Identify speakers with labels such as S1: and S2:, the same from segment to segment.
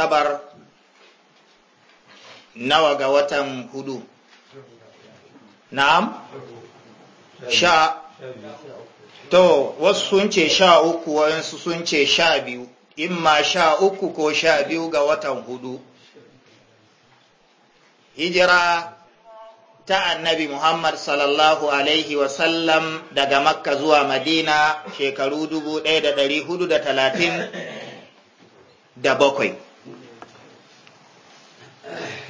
S1: asabar nawa ga watan hudu na'am sha to wasu sun ce sha uku wasu sun ce sha biyu imma sha uku ko sha biyu ga watan hudu hijira ta annabi Muhammad sallallahu Alaihi wasallam daga Makka zuwa Madina shekaru dubu ɗaya da ɗari hudu da talatin da bakwai.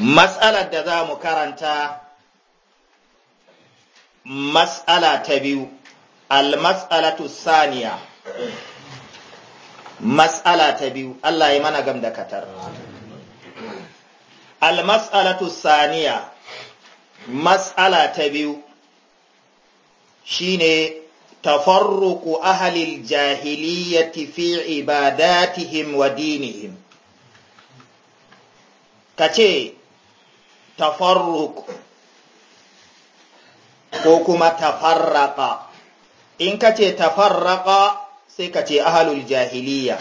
S1: Matsalar da za mu karanta matsala ta biyu, almatsalatu saniya, matsala ta biyu, Allah yi mana gam da katar. Almatsalatu saniya, matsala ta biyu, shi ne tafarruku ahalil jahiliyyati fi ibadatihim wa dinihim. Ka ce, tafarruk ko kuma tafarraka in ka ce tafarraka sai ka ce ahalul jahiliya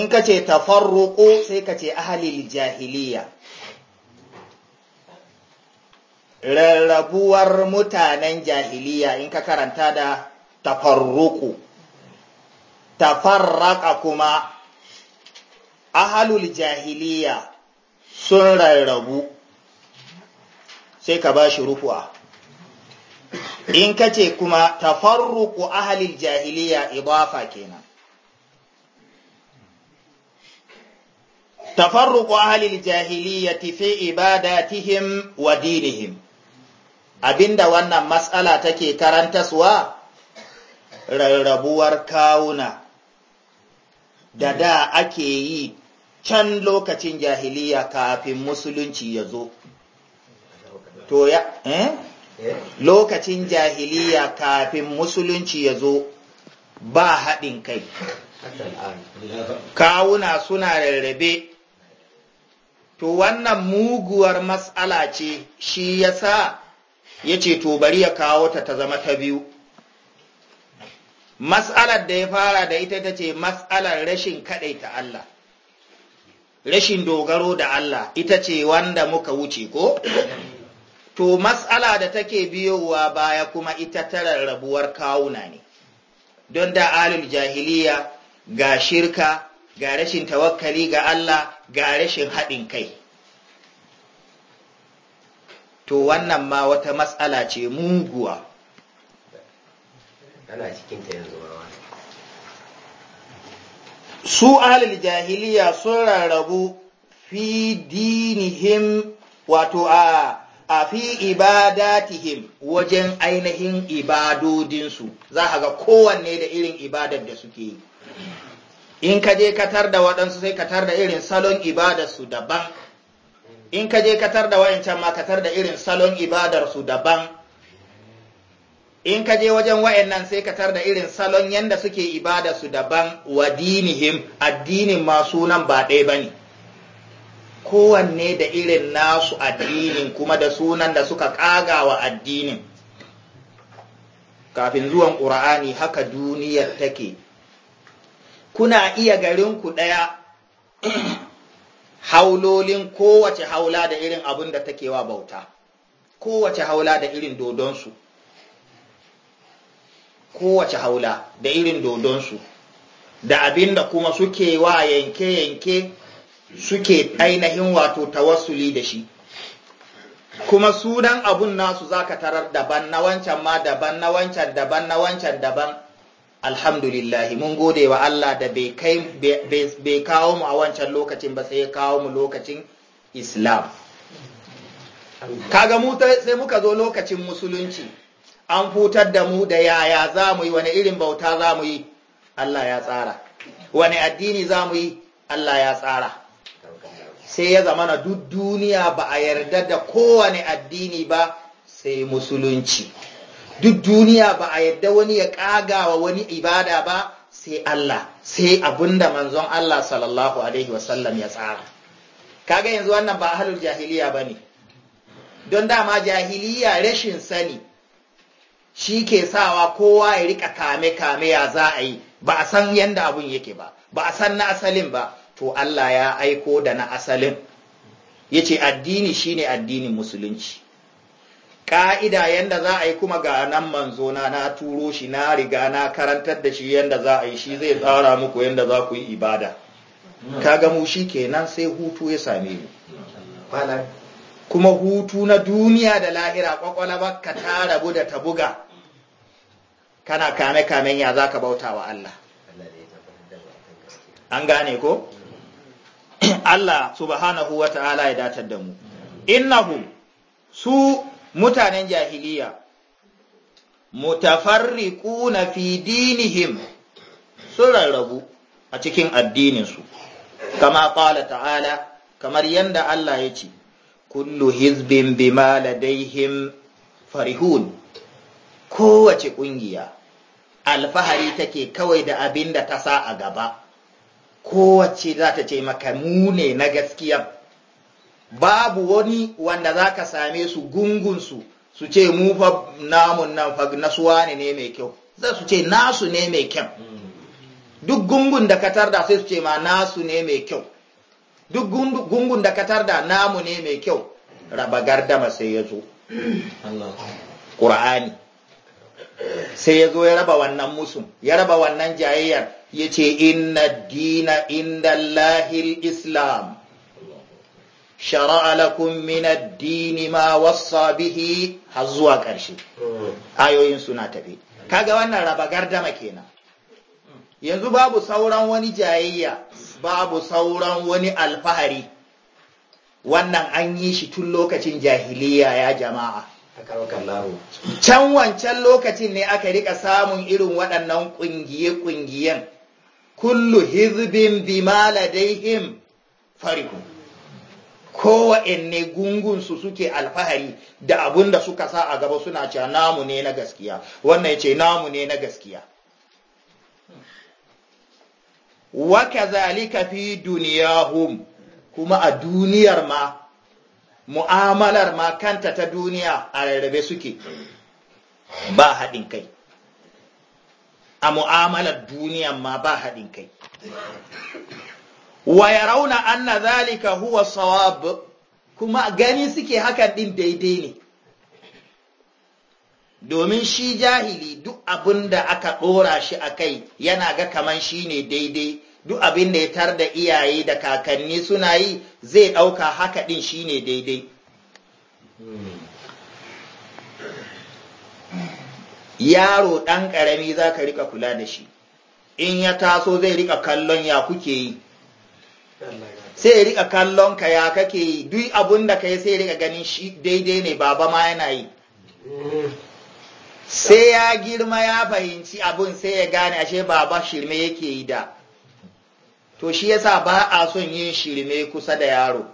S1: in ka ce tafarruku sai ka ce jahiliya rarrabuwar mutanen jahiliya in ka karanta da tafarruku tafarraka kuma ahalul jahiliya sun rarrabu sai ka ba shi rufuwa. in ka ce kuma tafarruku ahalil jahiliya idafa kenan tafarruku ahalil jahiliya fi ibadatihim wa dinihim abinda wannan matsala take karantaswa rarrabuwar kawuna da da ake yi can lokacin jahiliya kafin musulunci ya zo to ya eh? Eh? lokacin jahiliya kafin musulunci ya zo ba haɗin kai kawuna suna rarrabe to wannan muguwar matsala ce shi ya sa ya ce to bari ya kawo ta ta zama ta biyu matsalar da ya fara da ita ta ce matsalar rashin ta Allah rashin dogaro da Allah ita ce wanda muka wuce ko? To, matsala da take biyowa baya kuma ita ta rarrabuwar kawuna ne, don da alul jahiliya ga shirka, ga rashin tawakkali ga Allah, ga rashin haɗin kai. To, wannan ma wata matsala ce muguwa. Ana
S2: cikinta yanzu.
S1: su ahlul jahiliya sun rarrabu fi dinihim wato a a fi ibadatihim wajen ainihin ibadodinsu za a ga kowanne da irin ibadar da suke yi in ka je katar da waɗansu sai katar da irin salon ibadarsu daban in ka je katar da wayancan ma katar da irin salon ibadarsu daban in ka je wajen wayannan sai ka tar da irin salon yanda suke ibada su daban wa dinihim addinin ma sunan ba ɗaya ne. kowanne da irin nasu addinin kuma da sunan da suka ƙaga wa addinin kafin zuwan ƙura'ani haka duniyar take kuna iya garinku ɗaya haulolin kowace haula da irin abin da take wa bauta kowace haula da irin dodonsu kowace haula da irin dodonsu da abin da kuma suke wa yanke-yanke suke ainihin wato tawassuli da shi kuma sunan abun nasu zaka tarar daban na wancan ma daban na wancan daban na wancan daban alhamdulillahi mun gode wa Allah da bai kawo mu a wancan lokacin ba sai ya kawo mu lokacin islam kaga mu sai muka zo lokacin musulunci an hutar da mu da yaya za mu yi wani irin bauta za mu yi Allah ya tsara wani addini za mu yi Allah ya tsara sai ya zama na duk duniya ba a yarda da kowane addini ba sai musulunci duk duniya ba a yarda wani ya ƙagawa wani ibada ba sai Allah sai abin da manzon Allah sallallahu alaihi wasallam ya tsara kaga yanzu wannan ba halin jahiliya bane don dama jahiliya rashin sani shi ke sawa kowa ya rika kame-kame ya za a yi ba a san yadda abun yake ba ba a san na asalin ba to Allah ya aiko da na asalin ya ce addini shine addinin musulunci ƙa'ida yadda za a yi kuma ga nan manzo na na turo shi na riga na karantar da shi yadda za a yi shi zai tsara muku yadda za ku yi ibada ka gamu shi kenan sai hutu ya same ni kuma hutu na duniya da lahira kwakwalwa ka ta rabu da ta buga kana kame kamen ya za ka bauta wa Allah an gane ko Allah subhanahu wa ta'ala ya datar da mu innahu su mutanen jahiliya na fi dinihim sun rarrabu a cikin addininsu kama ƙala ta'ala kamar yadda Allah ya ce kullu hizbin bima ladaihim farihun kowace ƙungiya alfahari take kawai da abin da ta sa a gaba kowace za ta ce maka mu ne na gaskiya babu wani wanda za ka same su gungunsu su ce mu fa namun nan fa nasuwa ne ne mai kyau za su ce nasu ne mai kyau hmm. duk gungun da ka tarda sai su ce ma nasu ne mai kyau duk gungun da ka tarda namu ne mai kyau raba gardama sai ya zo ƙura'ani sai ya zo ya raba wannan Musum. ya raba wannan jayayyar ya ce inna dina inda lahil islam shara'a lakum min ma wassa bihi har zuwa ƙarshe ayoyin suna tafi kaga wannan raba gardama kenan yanzu babu sauran wani jayayya babu sauran wani alfahari wannan an yi shi tun lokacin jahiliya ya jama'a can wancan lokacin ne aka rika samun irin waɗannan ƙungiye-ƙungiyen kullu hizbin bima ladaihim fariku ne gungunsu suke alfahari da abun da suka sa a gaba suna cewa namu ne na gaskiya wannan ya ce namu ne na gaskiya wa kazalika fi duniyahum kuma a duniyar ma mu'amalar ma kanta ta duniya a rarrabe suke ba haɗin kai a mu'amalar duniya ma ba haɗin kai wa ya rauna na zalika huwa sawab kuma gani suke hakan ɗin daidai ne domin shi jahili duk abin da aka ɗora shi a kai yana ga kaman shi ne daidai duk abin da ya tar da iyaye da kakanni suna yi zai ɗauka haka ɗin shi ne daidai yaro ɗan ƙarami za ka riƙa kula da shi in ya taso zai riƙa kallon ya kuke yi sai ya riƙa kallon ka ya kake yi duk abin da ka yi sai ya riƙa ganin shi daidai ne baba ma yana yi sai ya girma ya fahimci abin sai ya gane ashe baba shirme yake yi da to shi yasa ba a son yin shirme kusa da yaro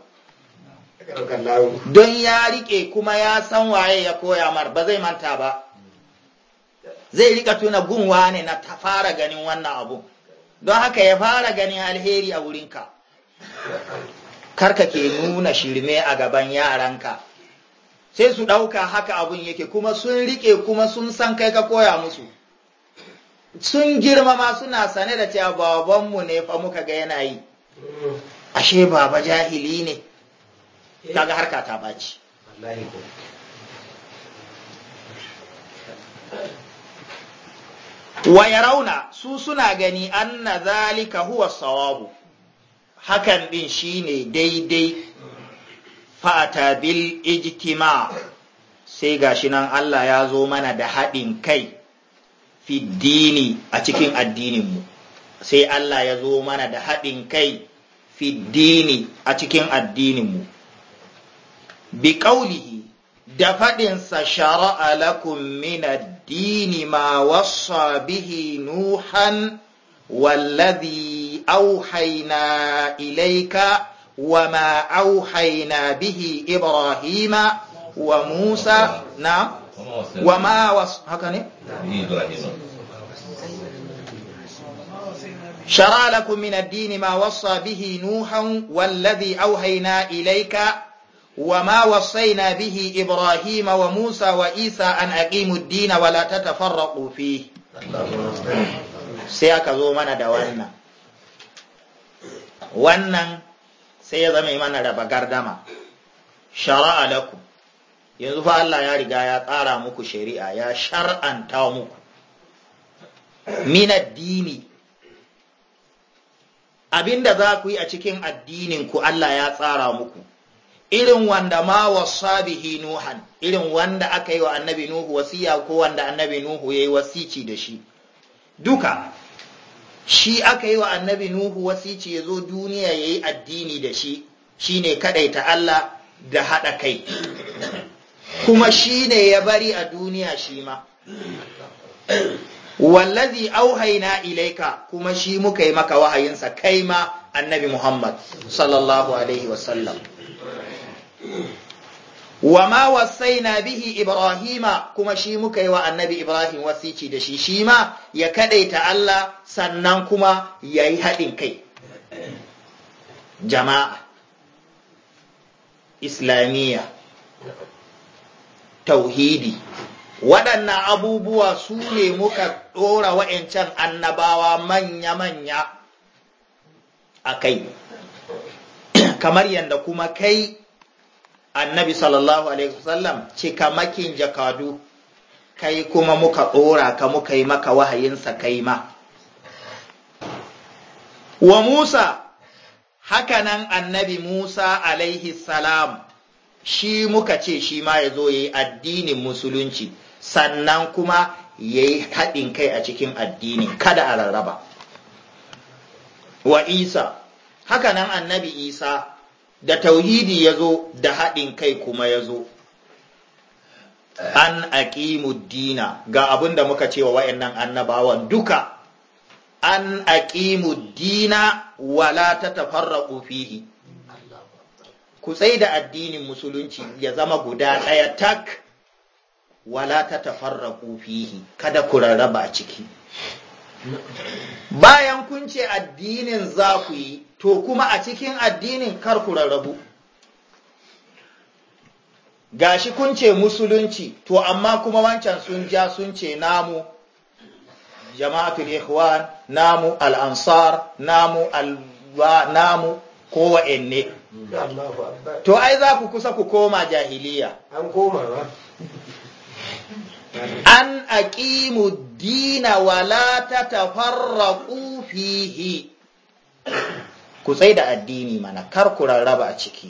S1: don ya rike kuma ya san waye ya koya mar ba zai manta ba zai rika tuna gunwa ne na ta fara ganin wannan abu don haka ya fara ganin alheri a wurinka karka ke nuna shirme a gaban yaranka sai su ɗauka haka abun yake kuma sun riƙe kuma sun san kai ka koya musu sun girmama suna sane da cewa babanmu ne fa muka ga yana yi ashe baba jahili ne kaga harka ta baci wa yarauna su suna gani anna zalika huwa sawabu hakan din shine daidai fa'ata bil ijtima sai gashi nan Allah ya zo mana da haɗin kai fi dini a cikin addininmu sai Allah ya zo mana da haɗin kai fi dini a cikin addininmu bi ƙaulihi da faɗinsa shara'a lakum min addini ma wasa bihi nuhan wallazi auhaina ilaika وما أوحينا به إبراهيم وموسى نعم وما وص... هكذا شرع لكم من الدين ما وصى به نوحا والذي أوحينا إليك وما وصينا به إبراهيم وموسى وإيسى أن أقيموا الدين ولا تتفرقوا فيه سيأكذو من دوانا wannan sai ya zama mana raba gardama shara'a lakum yanzu fa Allah ya riga ya tsara muku shari'a ya shar'anta muku min addini abinda za ku yi a cikin addinin ku Allah ya tsara muku irin wanda ma wasa bihi nuhan irin wanda aka yi wa annabi nuhu wasiya ko wanda annabi nuhu yayi wasici da shi duka shi aka yi wa annabi nuhu wasici ya zo duniya ya yi addini da shi shi ne ta Allah da haɗa kai kuma shi ne ya bari a duniya shi ma wallazi auhaina ilaika kuma shi muka yi maka wahayinsa kai ma annabi muhammad sallallahu alaihi wasallam wa ma wasaina bihi ibrahima kuma shi muka yi wa annabi ibrahim wasici da shi shi ma ya kadaita Allah sannan kuma ya yi haɗin kai jama'a islamiyya tauhidi waɗannan abubuwa su ne muka ɗora wa'yancan annabawa manya-manya a kai kamar yadda kuma kai annabi sallallahu alaihi wasallam cikamakin jakadu kai kuma muka ɗora ka muka yi maka wahayinsa kai ma. Wa Musa, hakanan annabi Musa alaihi salam, shi muka ce shi ma ya zo ya yi addinin musulunci, sannan kuma ya yi haɗin kai a cikin addini, kada a rarraba. Wa Isa, hakanan annabi Isa, da tauhidi ya zo da haɗin kai kuma ya zo an aqimu ga abin da muka ce wa wa'annan annabawan duka an aqimu dina ta tafarra fihi ku tsaye da addinin musulunci ya zama guda ɗaya tak wala tafarra fihi kada ku rarraba ciki bayan kun ce addinin za ku yi to kuma a cikin addinin kar ku rarrabu gashi kun ce musulunci to amma kuma wancan sun ja sun ce namu jama'atul ikhwan namu al-ansar namu al namu kowa enne to ai za ku kusa ku koma jahiliya
S2: an koma ba
S1: an aqimu dina wa la tatafarraqu fihi ku tsai da addini mana kar ku rarraba a ciki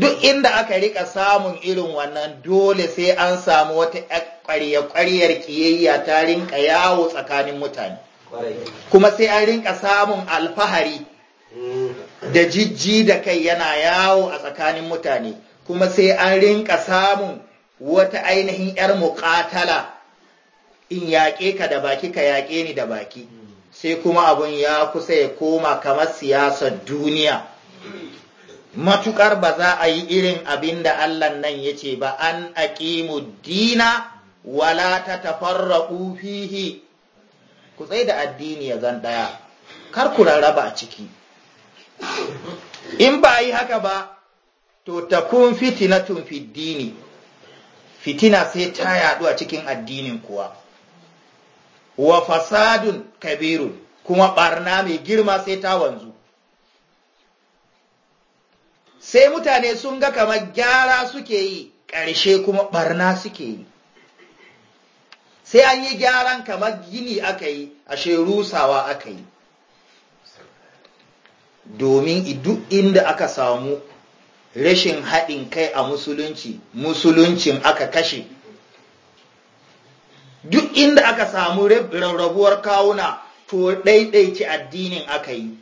S1: duk inda aka rika samun irin wannan dole sai an samu wata ƙwarya-ƙwaryar ƙiyayya ta rinka yawo tsakanin mutane kuma sai an rinka samun alfahari da jijji da kai yana yawo a tsakanin mutane kuma sai an rinka samun wata ainihin 'yar mukatala in yaƙe ka da baki ka yaƙe ni da baki sai kuma abun ya kusa ya koma kamar siyasar duniya matukar ba za a yi irin abin da Allah nan ya ce ba an mu dina wala ta tafarraku fihi ku tsaye da addini ya zan ɗaya kar ku rarraba a ciki in ba a yi haka ba to ta fitina tun fi dini fitina sai ta yaɗu a cikin addinin kuwa wa fasadun Kabiru, kuma barna mai girma sai ta wanzu sai mutane sun ga kamar gyara suke yi ƙarshe kuma barna suke yi sai an yi gyaran kamar gini aka yi ashe rusawa aka yi domin duk inda aka samu rashin haɗin kai a musulunci musuluncin aka kashe duk inda aka samu rarrabuwar kawuna to ɗaiɗaici addinin aka yi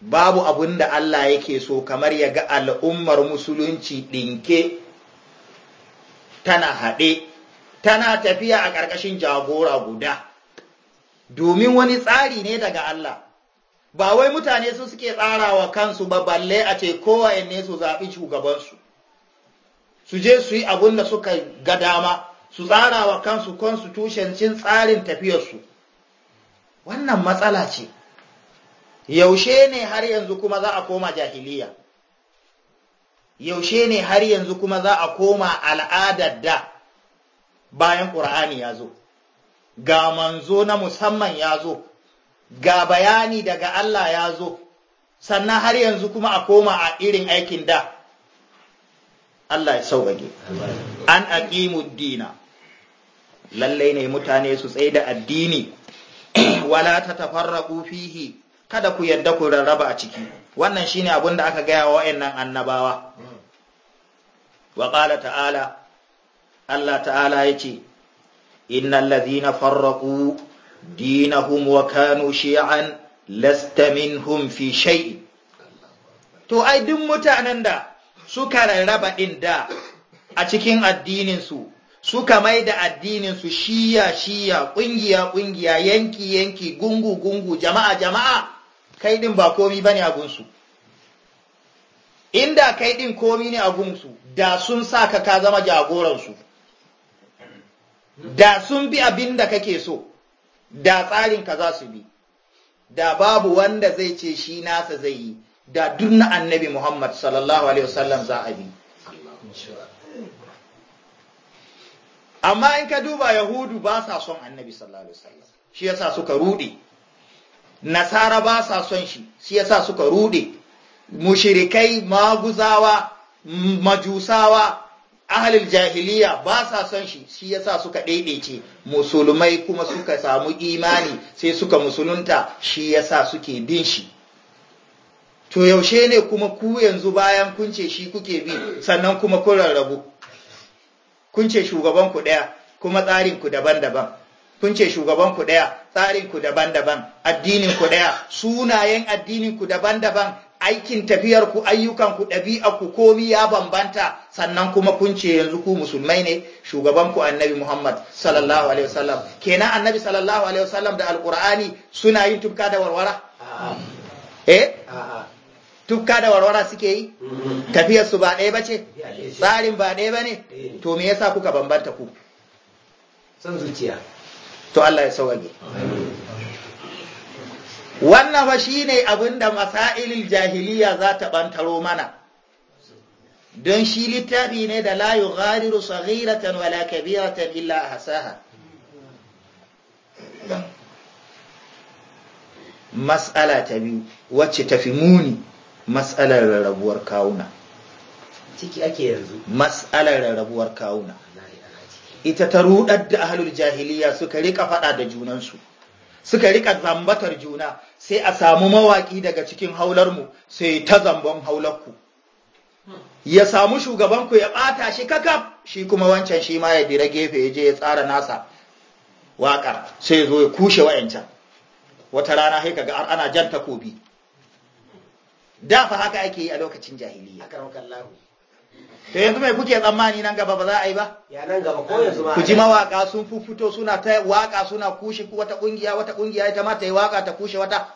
S1: babu abin da Allah yake so kamar ya ga al'ummar musulunci ɗinke tana haɗe tana tafiya a ƙarƙashin jagora guda domin wani tsari ne daga Allah ba wai mutane su suke tsarawa kansu ba balle a ce kowa ne su zaɓi shugabansu su je su yi abun da suka ga dama su tsara wa kansu constitution cin tsarin tafiyarsu wannan matsala ce yaushe ne har yanzu kuma za a koma jahiliya yaushe ne har yanzu kuma za a koma al'adar da bayan ƙur'ani ya zo ga manzo na musamman ya zo ga bayani daga Allah ya zo sannan har yanzu kuma a koma a irin aikin da Allah ya sauƙaƙe an aqimu dina lallai ne mutane su tsaye da addini wala ta tafarra fihi kada ku yarda ku rarraba a ciki wannan shine abin da aka gaya wa wayannan annabawa wa ƙala ta'ala Allah ta'ala ya yace innal ladhina farraqu dinahum wa kanu shi'an lasta minhum fi shay'in to ai duk mutanen da suka rarraba ɗin da a cikin addininsu suka mai da addininsu shiya-shiya ƙungiya-ƙungiya yanki-yanki gungu-gungu jama'a-jama'a kai ɗin ba komi ba ne a gunsu inda kai ɗin komi ne a gunsu da sun sa ka ka zama jagoransu da sun bi abin da kake so da tsarin ka za su bi da babu wanda zai ce shi nasa zai yi da duk na annabi Muhammad sallallahu alaihi wasallam za a bi amma in ka duba yahudu ba sa son annabi sallallahu alaihi wasallam shi yasa suka rude nasara ba sa son shi shi yasa suka rude mushirikai maguzawa majusawa ahalil jahiliya ba sa son shi shi yasa suka daidaice musulmai kuma suka samu imani sai suka musulunta shi yasa suke bin shi to yaushe ne kuma ku yanzu bayan kun ce shi kuke bi sannan kuma kun rarrabu kun ce shugaban ku ɗaya kuma tsarin ku daban-daban kun ce shugaban ku ɗaya tsarin ku daban-daban addinin ku ɗaya sunayen addinin ku daban-daban aikin tafiyar ku ayyukan ku ɗabi'a ku komi ya bambanta sannan kuma kun ce yanzu ku musulmai ne shugaban ku annabi Muhammad sallallahu alaihi wasallam kenan annabi sallallahu alaihi wasallam da alqur'ani suna yin tufka da warwara eh tukka da warwara suke yi mm-hmm. tafiyar su ba ɗaya ba ce tsarin ba ɗaya ba ne eh. to me yasa kuka bambanta ku san zuciya to Allah ya sauke wannan fa ne abin da masailil jahiliya za ta bantaro mana don shi littafi ne da la yughadiru saghiratan wala kabiratan illa hasaha. mas'ala ta biyu wacce tafi muni matsalar rarrabuwar kawuna ciki ake yanzu matsalar rarrabuwar kawuna ita ta rudar da ahlul jahiliya suka rika fada da junan su. suka rika zambatar juna sai a samu mawaki daga cikin haular mu sai ta zamban haularku ya samu shugabanku ya bata shi kakaf shi kuma wancan shi ma ya dira gefe ya je ya tsara nasa waƙar sai zo ya kushe wa'yancan wata rana sai kaga ana jan takobi da fa haka ake yi a lokacin jahiliya to yanzu mai kuke tsammani nan gaba ba za a yi ba
S2: ya nan gaba ko yanzu ma ku ji mawaka
S1: sun fufuto suna ta waka suna kushe wata kungiya wata kungiya ita ma ta yi waka ta kushe wata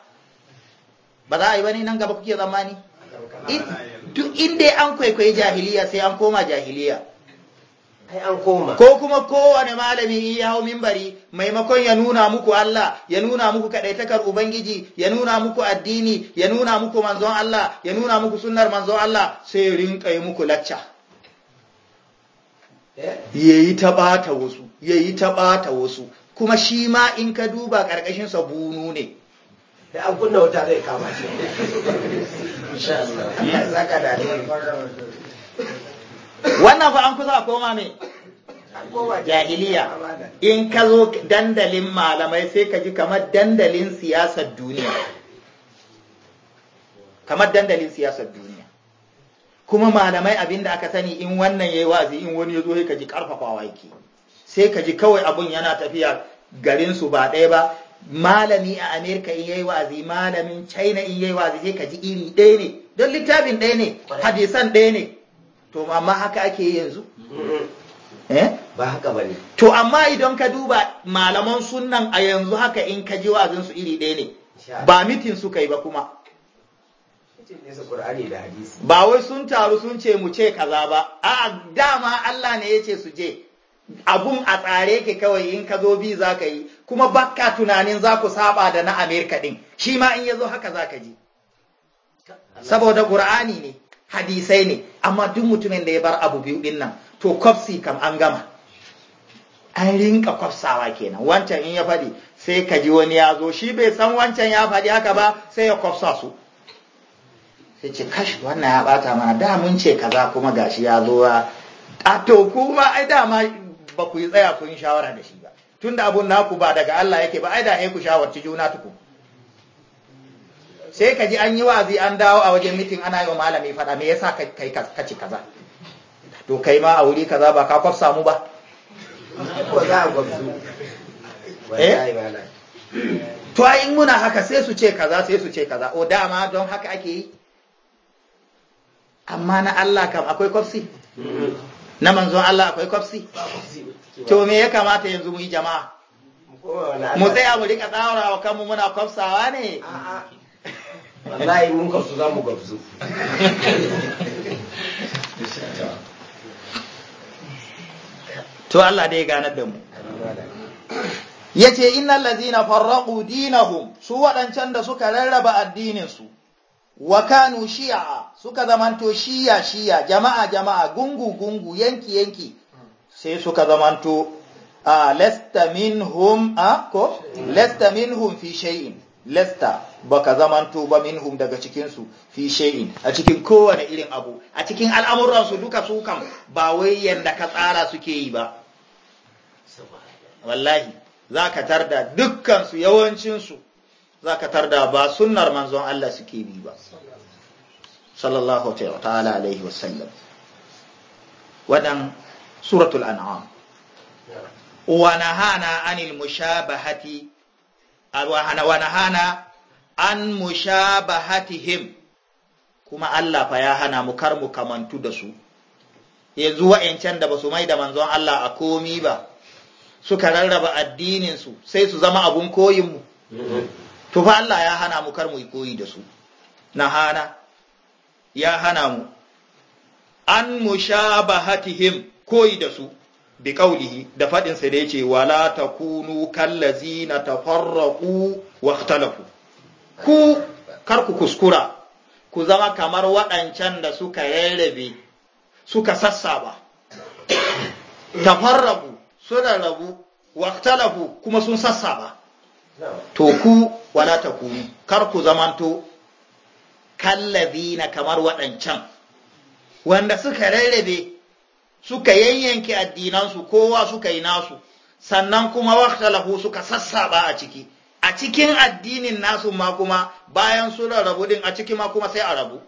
S1: ba za a yi ba ne nan gaba kuke tsammani duk inda an kwaikwayi jahiliya sai an koma jahiliya ko kuma kowane malami in ya hau mimbari maimakon ya nuna muku Allah ya nuna muku kadaitakar ubangiji ya nuna muku addini ya nuna muku manzon Allah ya nuna muku sunnar manzon Allah sai ya rinka yi muku lacca eh? yayi ta bata wasu yayi ta bata wasu kuma shi ma in ka duba karkashin sa bunu ne da eh, an kunna wata zai kama shi insha Allah wannan fa an kusa a koma ne
S2: jahiliya
S1: in ka zo dandalin malamai sai ka ji kamar dandalin siyasar duniya kamar dandalin siyasar duniya kuma malamai abinda aka sani in wannan yayi wazi, in wani ya zo sai ka ji karfafawa yake sai ka ji kawai abun yana tafiya garinsu ba ɗaya ba malami a amerika in yayi wazi malamin china in yayi wazi, sai ka ji iri ɗaya ne don littafin ɗaya ne hadisan ɗaya ne to amma haka ake yi yanzu eh? ba haka bane to amma idan ka duba malaman sunnan a yanzu haka in ka ji wa'azin su iri ɗaya ne ba mitin suka yi ba kuma ba wai sun taru sun ce mu ce kaza ba a dama Allah ne ya ce su je abun a tsare ke kawai in ka zo bi za ka yi kuma baka tunanin za ku saba da na Amerika ɗin. shi ma in ya zo haka za ka ji saboda ƙur'ani ne hadisai ne amma duk mutumin da ya bar abu biyu din nan to kwafsi kam an gama an rinka kwafsawa kenan wancan in ya faɗi sai ka ji wani ya zo shi bai san wancan ya faɗi haka ba sai ya kwafsa su sai ce kashi wannan ya ɓata mana da mun ce kaza kuma gashi ya zo a to kuma ai dama ba ku yi tsaya kun shawara da shi ba tunda abun naku ba daga Allah yake ba ai da ku shawarci juna tukun sai ka ji an yi wazi an dawo a wajen mitin ana yi wa malami faɗa me yasa kai ka ci kaza to kai ma a wuri kaza ba ka kwafsa mu ba ko za a gwabzu eh to ai in muna haka sai su ce kaza sai su ce kaza o dama don haka ake yi amma na Allah kam akwai kwafsi na manzon Allah akwai kwafsi to me ya kamata yanzu mu yi jama'a mu tsaya mu rika tsawara wa kanmu muna kwafsawa ne wallahi mun gamsu za mu gamsu to Allah dai ganar da mu yace innal ladzina farraqu dinahum su wadancan da suka rarraba addinin su wa kanu suka zamanto shiya shiya jama'a jama'a gungu gungu yanki yanki sai suka zamanto a ah, lasta minhum a ah, ko lasta minhum fi shay'in lasta baka zamanto ba minhum daga cikinsu fi shay'in a cikin kowane irin abu a cikin al'amuransu duka su kan. ba wai yanda ka tsara suke yi ba wallahi za ka tarda dukkansu yawancinsu za ka tarda ba sunnar manzon Allah suke bi ba sallallahu ta'ala alaihi wasallam wadan suratul an'am wa nahana anil mushabahati wa nahana an mushabahatihim kuma Allah fa ya hana mu kar mu kamantu da su yanzu wa'ancan da basu su mai da manzon Allah a komi ba suka rarraba addinin su sai su zama abun koyin mu to fa Allah ya hana mu kar mu koyi da su na hana ya hana mu an mushabahatihim koyi da su bi kaulihi da faɗinsa da yace ce wala takunu kallazina tafarraqu wa ikhtalafu ku karku kuskura ku zama kamar waɗancan da suka rarrabe suka sassaba tafarrabu suna rabu rabu kuma sun sassaba to ku wala ta kar ku zamanto kallazina kamar waɗancan wanda suka rarrabe suka yanyanke addinansu kowa suka yi nasu sannan kuma waktalafu suka sassaba a ciki a cikin addinin nasu ma kuma bayan sura rabu din a ciki ma kuma sai a rabu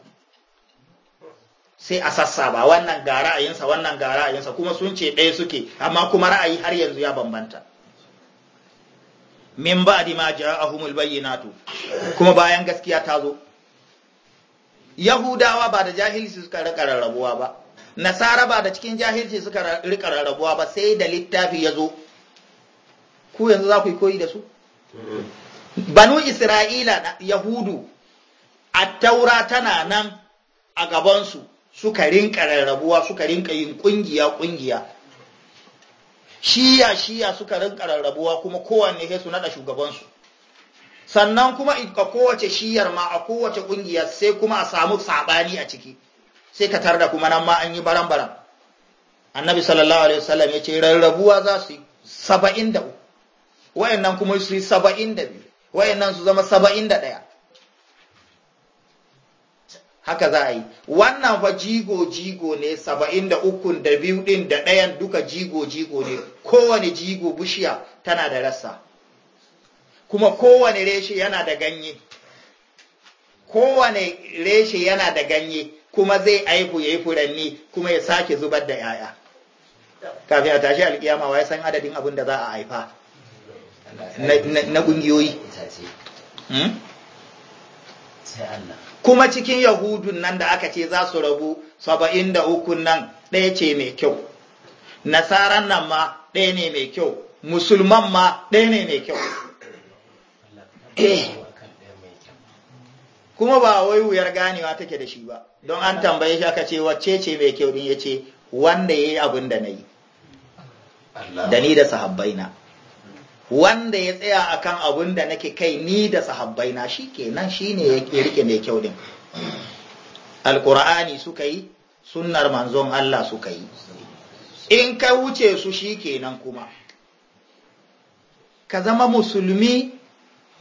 S1: sai a ba wannan ga ra'ayinsa wannan ga ra'ayinsa kuma sun ce ɗaya suke amma kuma ra'ayi har yanzu ya bambanta min ba ba'di ma ja'ahumul bayyinatu kuma bayan gaskiya ta zo yahudawa ba da jahilci suka rika rarrabuwa ba nasara ba da cikin jahilci suka rika rarrabuwa ba sai da littafi ya zo ku yanzu za ku yi koyi da su banu isra'ila yahudu attaura tana nan a gabansu suka rinka rarrabuwa suka rinka yin kungiya kungiya. shiya shiya suka rinka rarrabuwa kuma kowanne sai su naɗa shugabansu sannan kuma a kowace shiyar ma a kowace kungiya sai kuma a samu saɓani a ciki sai ka tarda kuma nan ma an yi baran-baran annabi sallallahu alaihi wasallam ya ce rarrabuwa za su yi wayannan kuma su yi saba'in da biyu wayannan su zama saba'in da ɗaya haka za a yi wannan fa jigo jigo ne saba'in da ukun da biyu ɗin da ɗayan duka jigo jigo ne kowane jigo bishiya tana da rasa kuma kowane reshe yana da ganye kowane reshe yana da ganye kuma zai aihu ya yi furanni kuma ya sake zubar da 'ya'ya kafin a tashi alkiyama wa ya san adadin abin da za a haifa na ƙungiyoyi hmm? kuma cikin yahudun nan da aka ce za su rabu saba'in da hukun nan ɗaya ce mai kyau nasaran nan ma ɗaya ne mai kyau musulman ma ɗaya ne mai kyau kuma ba wai wuyar ganewa take da shi ba don an tambaye shi aka ce wacce ce mai kyau din ya ce wanda ya yi abin da na yi da ni da sahabbaina wanda ya tsaya a kan abun da nake kai ni da sahabbai na sahabbaina shikenan shine ya rike mai kyau din Alkur'ani suka yi sunnar manzon Allah suka yi in ka wuce su shi shikenan kuma ka zama musulmi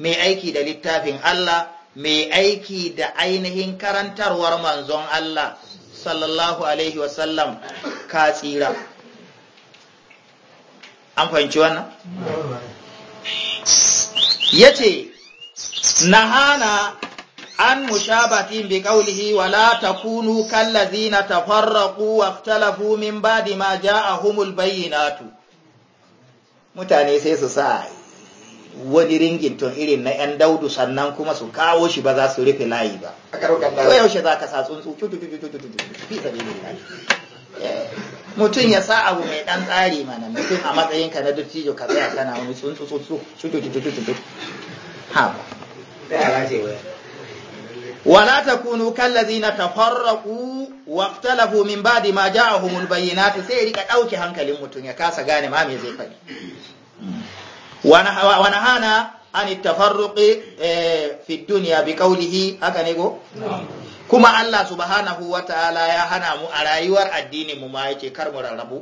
S1: mai aiki da littafin Allah mai aiki da ainihin karantarwar manzon Allah sallallahu alaihi wasallam ka tsira an fahimci wannan yace nahana an mushabati bi qawlihi wa la takunu kallazina tafarraqu wa ikhtalafu min ba'di ma ja'ahumul bayyinatu mutane sai su sa wani ringinton irin na 'yan daudu sannan kuma su kawo shi ba za su rufe layi ba. Ko yaushe za ka sa tsuntsu cutu fi sabi mutum ya sa abu mai dan tsari mana mutum a matsayin ka na dattijo ka tsaya kana wani tsuntsu tsuntsu tsuntsu tsuntsu ha wala takunu kallazina tafarraqu waqtalafu min ba'di ma ja'ahumul bayyinat sai rika dauke hankalin mutum ya kasa gane ma me zai faɗi wa hana an tafarruqi eh, fi dunya bi qawlihi haka ne go kuma Allah subhanahu wa ta'ala ya hana mu a rayuwar addini mu ma yake kar mu rarrabu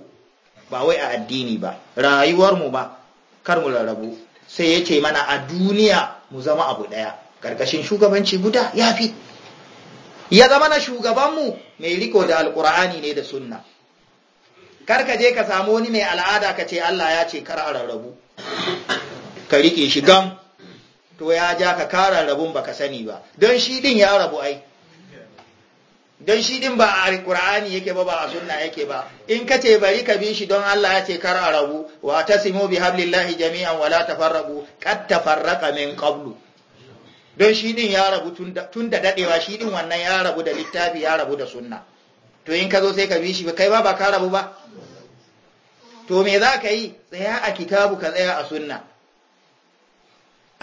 S1: ba wai a addini ba rayuwar mu ba kar mu rarrabu sai yace mana a duniya mu zama abu ɗaya. karkashin shugabanci guda yafi ya zama na shugaban mu mai riko da alqur'ani ne da sunna kar ka je ka samu wani mai al'ada ka ce Allah ya ce kar a rarrabu ka rike shi gam to ya ja ka kara rabun baka sani ba don shi din ya rabu ai don shi din ba a alkur'ani yake ba ba a sunna yake ba in ka ce bari ka bi shi don Allah ya ce kar a rabu wa tasimu bi hablillahi jami'an wala tafarraqu qad tafarraqa min qablu don shi din ya rabu tun da dadewa shi din wannan ya rabu da littafi ya rabu da sunna to in ka zo sai ka bi shi kai ba ba ka rabu ba to me za ka yi tsaya a kitabu ka tsaya a sunna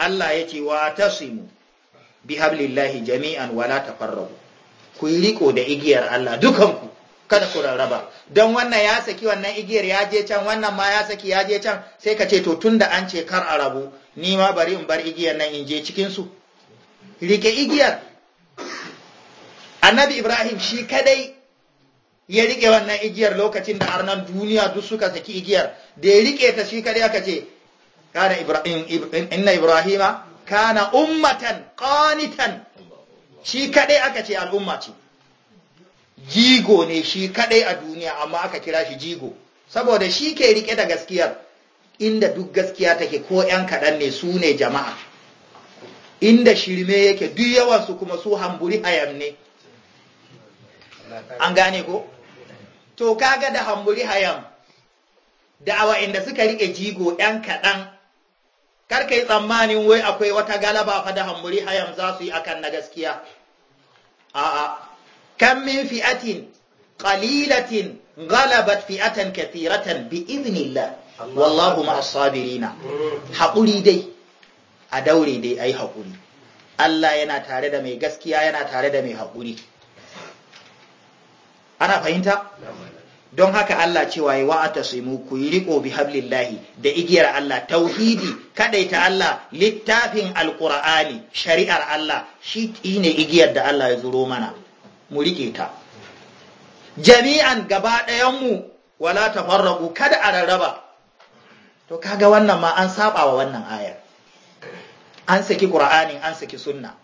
S1: Allah ya ce wa tasimu bi hablillahi jami'an wala tafarraqu ku yi riko da igiyar Allah dukanku kada ku rarraba don wannan ya saki wannan igiyar ya je can wannan ma ya saki ya je can sai ka ce to tun da an ce kar a rabu ni ma bari in bar igiyar nan in je cikin su rike igiyar annabi ibrahim shi kadai ya rike wannan igiyar lokacin da arnan duniya duk suka saki igiyar da ya rike ta shi kadai aka ce kana ibrahim inna ibrahima kana ummatan qanitan shi kaɗai aka ce al'umma ce jigo ne shi kaɗai a duniya amma aka kira shi jigo saboda shi ke rike da gaskiyar inda duk gaskiya take ko 'yan kaɗan ne su ne jama'a inda shirme yake duk yawansu kuma su hamburi hayam ne an gane ko to kaga da hamburi hayam da awa inda suka rike jigo 'yan kaɗan kar ka yi tsammanin wai akwai wata galaba fa da hammuri hayan za su yi akan na gaskiya a'a kan min fi'atin qalilatin galabat fi'atan kathiratan bi idnillah wallahu ma'as sabirina mm. haƙuri dai a daure dai ai haƙuri Allah yana tare da mai gaskiya yana tare da mai haƙuri ana fahimta don haka Allah cewa ya wa'ata su mu ku yi riko bi hablillahi da igiyar Allah tauhidi ta Allah littafin alƙur'ani shari'ar Allah shi ne igiyar da Allah ya zuro mana mu riƙe ta jami'an gaba ɗayanmu mu wala tafarraqu kada a rarraba to kaga wannan ma an saba wa wannan ayar an saki ƙur'ani an saki sunna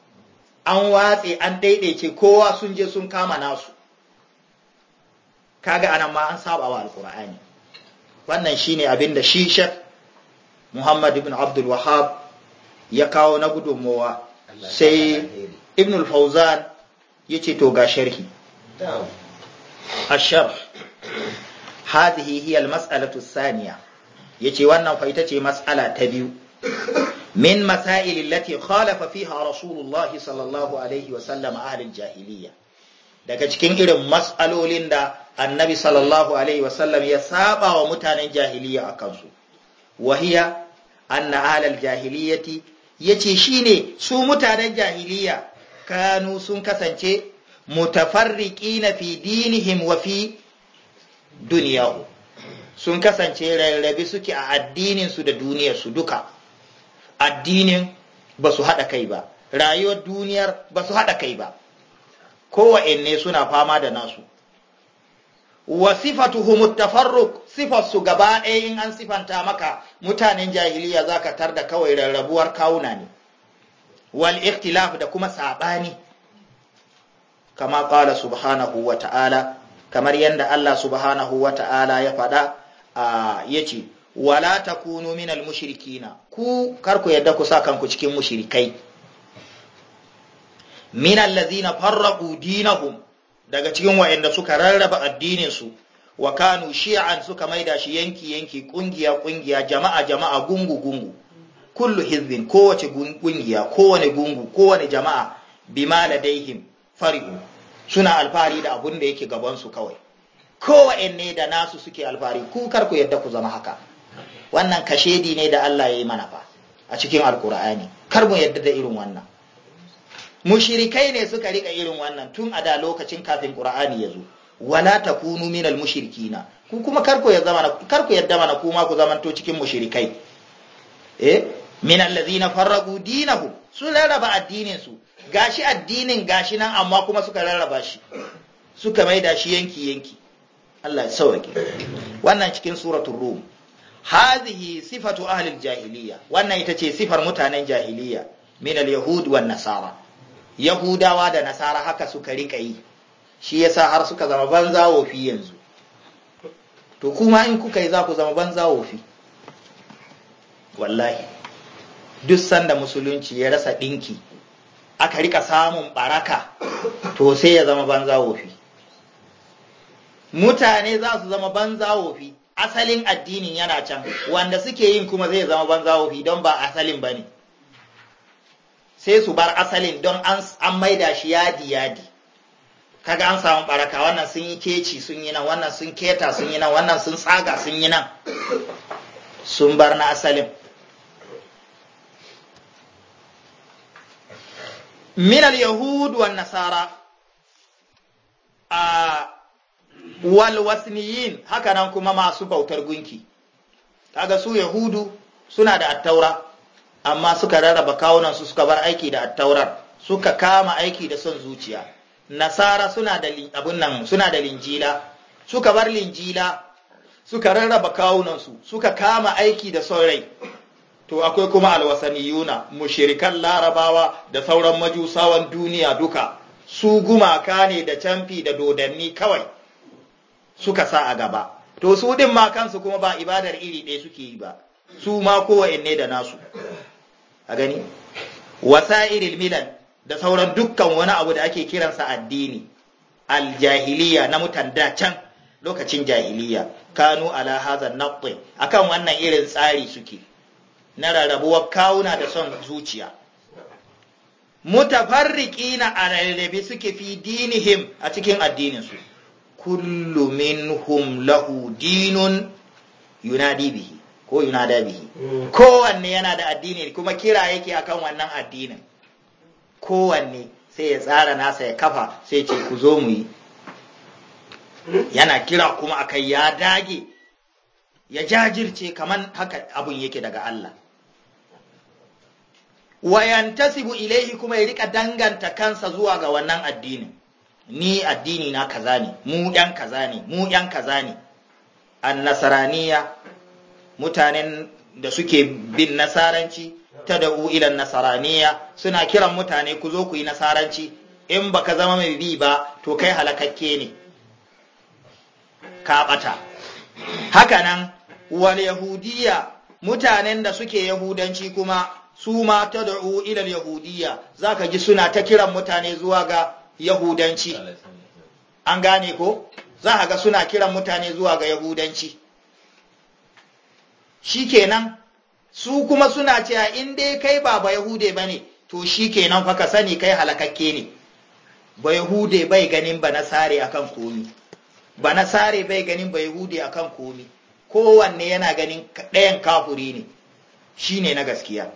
S1: an watse an daidaice kowa sun je sun kama nasu kaga anan ma an saba wa alqur'ani wannan shine abin da shi shek muhammad ibn Abdulwahab ya kawo na gudunmowa sai ibn al ya ce to ga sharhi al-sharh hadhihi hiya al yace wannan fa ita ce mas'ala ta biyu min masail allati khalafa fiha rasulullahi sallallahu alayhi wa sallam ahli al-jahiliyyah daga cikin irin matsalolin da annabi sallallahu alaihi wasallam ya saba wa mutanen jahiliya a kansu wahiya anna alal jahiliyati yace shine su mutanen jahiliya kanu sun kasance na fi dinihim wa fi dunyahu sun kasance rarrabe suke a addinin su da duniyar su duka addinin ba su haɗa kai ba rayuwar duniyar ba su haɗa kai ba kowanne suna fama da nasu wa sifatuhum at-tafarruq sifarsu gaba ɗaya in an sifanta maka mutanen jahiliya zaka tar da kawai rarrabuwar kawuna ne wal ikhtilaf da kuma saɓani. kama qala subhanahu wa ta'ala kamar yadda Allah subhanahu wa ta'ala ya faɗa yace wala takunu minal mushrikina ku karku yadda ku sa kanku cikin mushrikai min allazina farraqu dinahum daga cikin wayanda suka rarraba addinin su wa kanu shi'an suka maida shi yanki yanki kungiya kungiya jama'a jama'a gungu gungu kullu hizbin kowace kungiya kowane gungu kowane jama'a bima ladaihim fariu suna alfahari da abun da yake gaban su kawai kowanne da nasu suke alfahari ku kar ku yadda ku zama haka wannan kashedi ne da Allah ya yi mana fa a cikin alkur'ani kar mu yadda da irin wannan mushirikai ne suka rika irin wannan tun a da lokacin kafin qur'ani ya zo wala takunu minal mushrikina ku kuma karku ya zama karko yadda mana kuma ku zamanto cikin mushrikai eh min allazina farragu dinahu su laraba addinin su gashi addinin gashi nan amma kuma suka laraba shi suka maida shi yanki yanki Allah ya sauke wannan cikin suratul rum hadhihi sifatu ahli jahiliya wannan ita ce sifar mutanen jahiliya min al-yahud wan nasara yahudawa da nasara haka suka rika yi shi ya sa har suka zama banza wofi yanzu to kuma in kuka yi za ku zama banza wofi wallahi duk sanda musulunci ya rasa ɗinki aka rika samun ɓaraka, to sai ya zama banza wofi mutane za su zama banza wofi asalin addinin yana can wanda suke yin kuma zai zama banza wofi don ba asalin ba ne sai su bar asalin don an maida shi yadi yadi kaga an samu baraka wannan sun yi keci sun yi nan wannan sun keta sun yi nan wannan sun tsaga sun yi nan sun bar na asalin minal yahud wa nasara a wal wasniyin haka nan kuma masu bautar gunki kaga su yahudu suna da attaura amma suka rarraba kawunan su suka bar aiki da taurar, suka kama aiki da son zuciya nasara suna da abun nan suna da linjila suka bar linjila suka rarraba kawunan su, suka kama aiki da son rai to akwai kuma alwasaniyuna mushirikan larabawa da sauran majusawan duniya duka su gumaka ne da camfi da dodanni kawai suka sa a gaba to su din ma kansu kuma ba ibadar iri ɗaya suke yi ba su ma kowa ne da nasu a gani wasa'iril milan da sauran dukkan wani abu da ake kiransa addini aljahiliya na mutan da can lokacin jahiliya kanu ala hazan naqti akan wannan irin tsari suke na rarrabuwar kawuna da son zuciya mutafarriqina a rarrabe suke fi dinihim a cikin addininsu kullu minhum lahu dinun yunadi bihi ko da bihi mm. kowanne yana da addini kuma kira yake akan wannan addinin kowanne sai ya tsara nasa ya kafa sai ce ku zo mu yi mm. yana kira kuma akai ya dage ya jajirce kamar haka abun yake daga Allah wayantasibu ilaihi kuma ya rika danganta kansa zuwa ga wannan addinin ni addini na kaza ne mu ɗan kaza ne mu ɗan kaza ne annasaraniya mutanen da suke bin nasaranci ta da ilan nasaraniya suna kiran mutane ku zo ku yi nasaranci in baka zama mai bi ba to kai halakakke ne ka bata nan, wal yahudiya mutanen da suke yahudanci kuma su ma ta da ilal yahudiya zaka ji suna ta kiran mutane zuwa ga yahudanci an gane ko za ga suna kiran mutane zuwa ga yahudanci shikenan su kuma suna cewa in dai kai ba ba Yahude ba ne to shikenan fa ka sani kai halakakke ne ba Yahude bai ganin ba nasare akan komi ba nasare bai ganin ba Yahude akan komi kowanne yana ganin ɗayan kafuri ne shine na gaskiya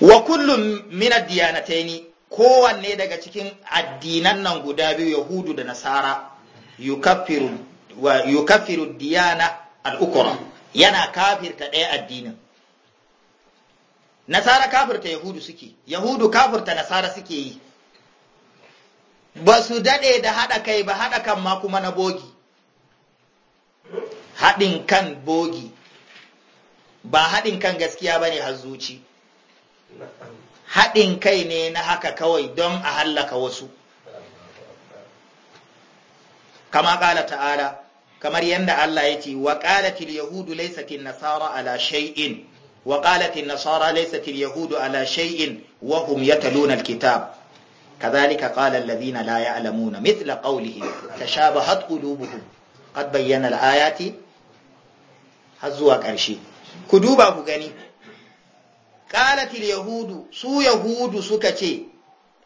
S1: wa kullum min ad-diyanataini kowanne daga cikin addinan nan guda biyu yahudu da nasara yukafiru diyana al'ukura yana kafirta ɗaya addinin nasara kafirta yahudu suke yahudu kafirta nasara suke yi ba su daɗe da haɗa kai ba haɗa kan ma kuma na bogi haɗin kan bogi ba haɗin kan gaskiya ba ne har zuci haɗin kai ne na haka kawai don a hallaka wasu kama ƙala ta'ala kamar yadda Allah ya ce wa ƙalatil yahudu laisatin nasara ala shay'in wa ƙalatil nasara laisatil yahudu ala shay'in wa hum yataluna alkitab كذلك قال الذين لا يعلمون مثل قوله تشابهت قلوبهم قد بينا الآيات har zuwa ƙarshe ku duba ku gani qalatil yahudu su yahudu suka ce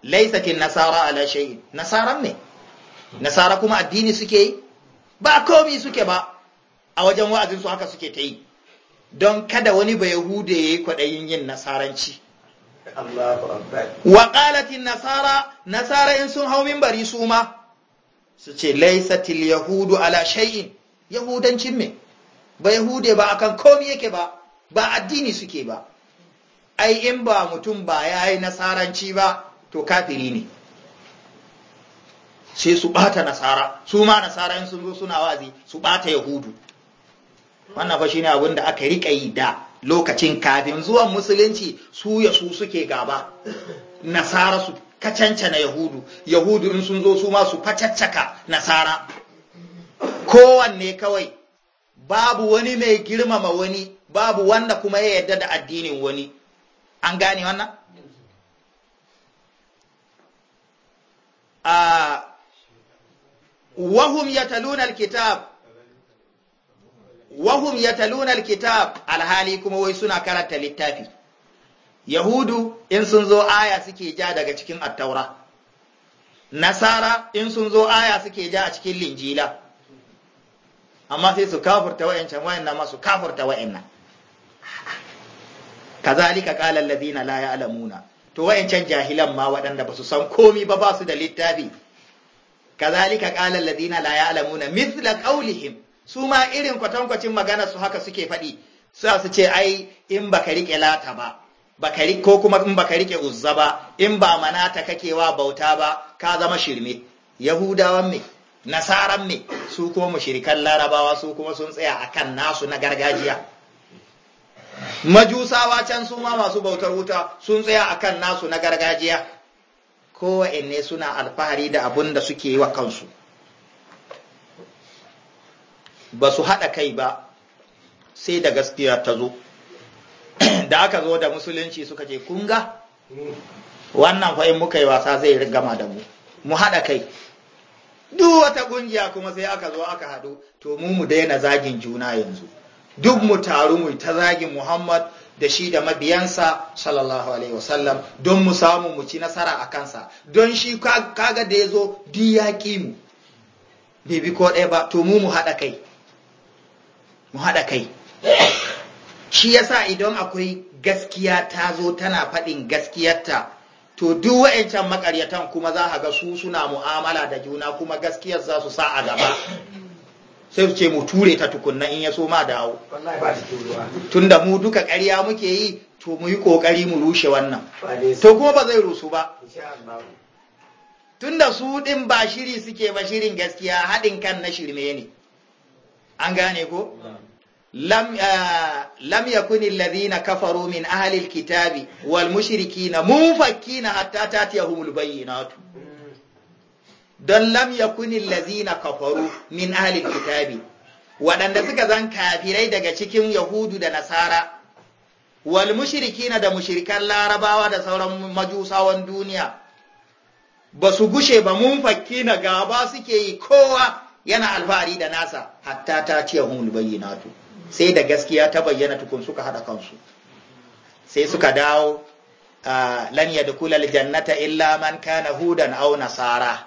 S1: laisatin nasara ala shay'in nasaran ne nasara kuma addini suke yi ba komi suke ba a wajen wa'azin su haka suke ta yi don kada wani ba yahude yayi kwadayin yin nasaranci wa qalatin nasara nasara in sun hau bari su ma su ce laisatil yahudu ala shay'in yahudancin me ba yahude ba akan komi yake ba ba addini suke ba ai in ba mutum ba ya yi nasaranci ba to kafiri ne sai su ɓata nasara su ma nasara in sun zo suna wazi su ɓata yahudu wannan fa shine abin da aka riƙa yi da lokacin kafin zuwan musulunci su ya su suke gaba nasara su kacanca na yahudu yahudu in sun zo su ma su facaccaka nasara kowanne kawai babu wani mai girmama wani babu wanda kuma ya yarda da addinin wani an gane wannan wahum yataluna alkitab wahum yataluna alkitab alhali kuma wai suna karanta littafi yahudu in sun zo aya suke ja daga cikin attaura nasara in sun zo aya suke ja a cikin linjila amma sai su kafurta wa'yancan wa'yan ma su kafurta nan. kazalika qala alladhina la ya'lamuna to wayancan jahilan ma waɗanda basu san komi ba ba su da littafi kazalika qala alladhina la ya'lamuna mithla qawlihim su ma irin kwatankwacin magana su haka suke faɗi sa su ce ai in baka rike lata ba baka ko kuma in baka rike uzza ba in ba manata kakewa bauta ba ka zama shirme yahudawan me nasaran me su kuma mushrikan larabawa su kuma sun tsaya akan nasu na gargajiya majusawa can suma masu bautar wuta sun tsaya a kan nasu na gargajiya kowanne suna alfahari da abun da suke yi wa kansu ba su haɗa kai ba sai da gaskiya ta zo da aka zo da musulunci suka ce kunga wannan fa muka yi wasa zai rigama da mu mu haɗa kai duk wata ƙungiya kuma sai aka zo aka haɗu to mu mu daina zagin juna yanzu duk mu taru mu ta zagin Muhammad da shi da mabiyansa sallallahu alaihi wasallam don mu samu mu ci nasara a kansa don shi kaga da ya zo duk ya ƙi mu bai bi ko ɗaya ba to mu mu haɗa kai mu haɗa kai shi yasa idan akwai gaskiya ta zo tana faɗin gaskiyarta to duk wa'ancan maƙaryatan kuma za a ga su suna mu'amala da juna kuma gaskiyar za su sa a gaba sai ce mu ture ta tukunna in ya so ma dawo tunda mu duka ƙarya muke yi to mu yi ƙoƙari mu rushe wannan to kuma ba zai rusu ba tunda su ɗin ba shiri suke ba shirin gaskiya haɗin kan na shirme ne an gane ko lam eh, lam yakuni alladhina kitabi min ahalil kitabi wal mushrikina na hatta tatiyahumul bayyinatu hmm. don lam yakuni allazina kafaru min alif kitabi waɗanda suka zan kafirai daga cikin yahudu da nasara wal mushrikina da mushrikan larabawa da sauran majusawan duniya ba su gushe ba mun fakki na gaba suke yi kowa yana alfahari da nasa hatta ta ce hun to sai da gaskiya ta bayyana tukun suka haɗa kansu sai suka dawo lan yadkhula jannata illa man kana hudan aw nasara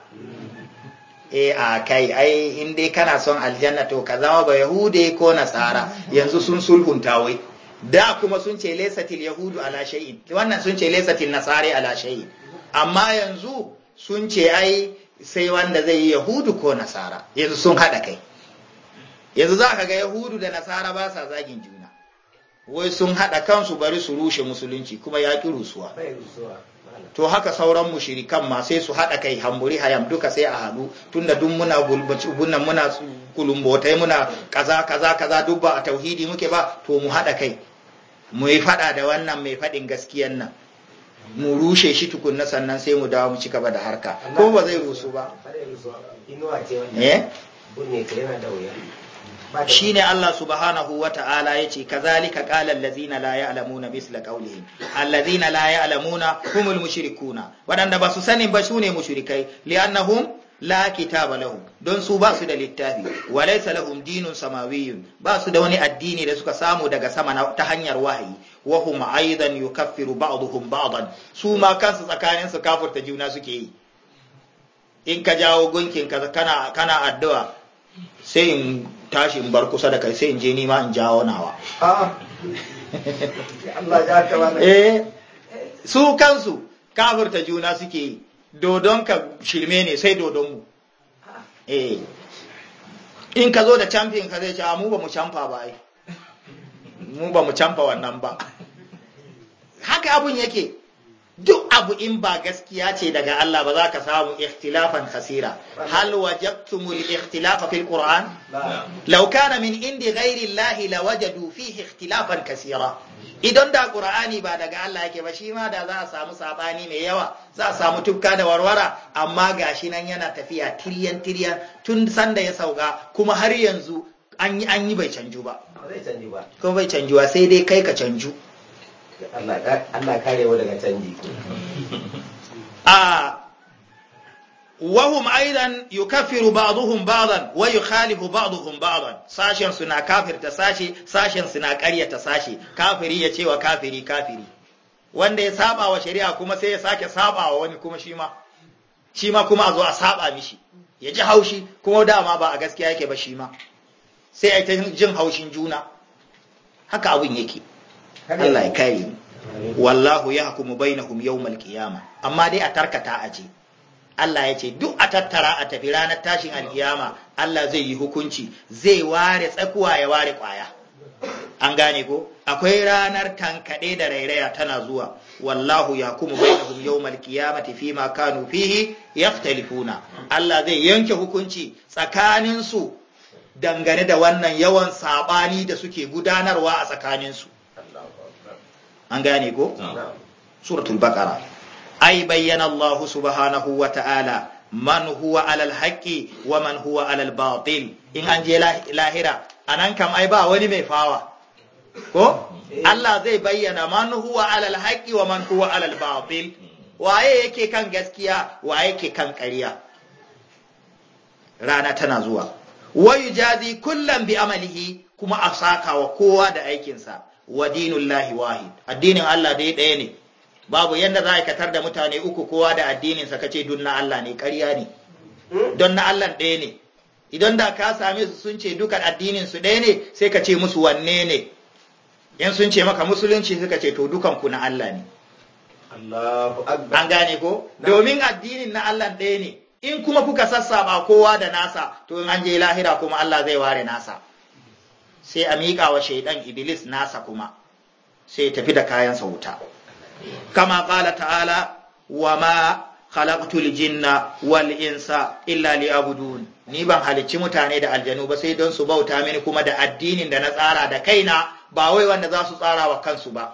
S1: Eh a kai ai in dai kana son aljanna to ka zama ba yahude ko nasara yanzu sun sulhunta wai da kuma sun ce lesatil yahudu ala shay'in wannan sun ce lesatil nasari ala shay'in amma yanzu sun ce ai sai wanda zai yi yahudu ko nasara yanzu sun haɗa kai yanzu za ka ga yahudu da nasara ba sa zagin juna wai sun haɗa kansu bari su rushe musulunci kuma ya ƙi rusuwa to haka sauran mushirikan ma sai su haɗa kai hamburi hayam duka sai a hadu tunda duk muna gulbunan muna kulumbotai muna kaza kaza kaza duk ba a tauhidi muke ba to mu haɗa kai mu yi faɗa da wannan mai faɗin gaskiyan nan mu rushe shi tukunna sannan sai mu dawo mu ci gaba da harka ko ba zai rusu ba eh shine Allah subhanahu wa ta'ala yace kazalika qala allazina la ya'lamuna misla qawlihim allazina la ya'lamuna humul mushrikuna waɗanda ba su sani ba ne mushrikai li'annahum la kitaba lahum don su ba su da littafi wa laysa lahum dinun ba su da wani addini da suka samu daga sama ta hanyar wahayi wa hum aidan yukaffiru ba'dhum ba'dan su ma kansu tsakanin su kafurta juna suke yi in ka jawo gunkin ka kana kana addu'a sai in tashi in bar kusa da kai sai in je nima in jawo nawa ah. eh su kansu kafirta juna suke yi dodon ka shirme ne sai dodon eh in ka zo da champion ka zai ce ah, mu ba mu champa ba ai mu ba mu champa wannan ba haka abun yake duk abu in ba gaskiya ce daga Allah ba za ka samu ikhtilafan khasira hal wajadtumul ikhtilafa fil qur'an law kana min indi ghairi llahi lawajadu fihi ikhtilafan kasira idan da qur'ani ba daga Allah yake ba shi ma da za a samu sabani mai yawa za a samu tufka da warwara amma gashi nan yana tafiya tiryan tiryan tun sanda ya sauka kuma har yanzu an yi bai canju ba kuma bai canjuwa sai dai kai ka canju Allah daga canji a ah, wahum aidan yukaffiru ba'dhum ba'dan wa yukhalifu ba'dhum ba'dan sashen su na ta sashe sashen su na ta sashe kafiri ya ce kafiri kafiri wanda ya saba wa shari'a kuma sai ya sake saba wa wani kuma shi ma shi ma kuma a zo a saba mishi ya ji haushi kuma dama ba a gaskiya yake ba shi ma sai a ta jin haushin juna haka abin yake Allah ya kare wallahu ya hukumu bainahum yawmal qiyama amma dai a tarkata aje Allah ya ce duk a tattara a tafi ranar tashin alkiyama Allah zai yi hukunci zai ware tsakuwa ya ware kwaya an gane ko akwai ranar tankaɗe da rairaya tana zuwa wallahu ya kuma bainahum yawmal qiyamati fi ma kanu fihi yaftalifuna Allah zai yanke hukunci tsakanin su dangane da wannan yawan sabani da suke gudanarwa a tsakanin su an gane ko suratul baqara ai bayyana Allah subhanahu wa ta'ala man huwa alal haqqi wa man huwa alal batil in an je lahira anan kam ai ba wani mai fawa ko eh. Allah zai bayyana man huwa alal haqqi wa man huwa alal batil waye yake kan gaskiya waye yake kan ƙarya rana tana zuwa wa yujazi kullan bi amalihi kuma a saka wa kowa da aikinsa wa Allahi wahid addinin Allah dai ɗaya ne babu yadda za a katar da mutane uku kowa da addininsa ka ce dun na Allah ne ƙarya ne hmm? don na Allah ɗaya ne idan da ka same su sun ce dukan addinin ɗaya ne sai ka ce musu wanne ne in sun ce maka musulunci suka ce to dukan na Allah ne an gane ko domin addinin na Allah ɗaya ne in kuma kuka sassaba kowa da nasa to in an je lahira kuma Allah zai ware nasa sai a miƙa wa shaidan iblis nasa kuma sai tafi da kayan sa wuta kama ƙala ta'ala wa ma khalaqtul jinna wal insa illa liyabudun ni ban halicci mutane da aljanu ba sai don su bauta mini kuma da addinin da na tsara da kaina ba wai wanda za su tsara wa kansu ba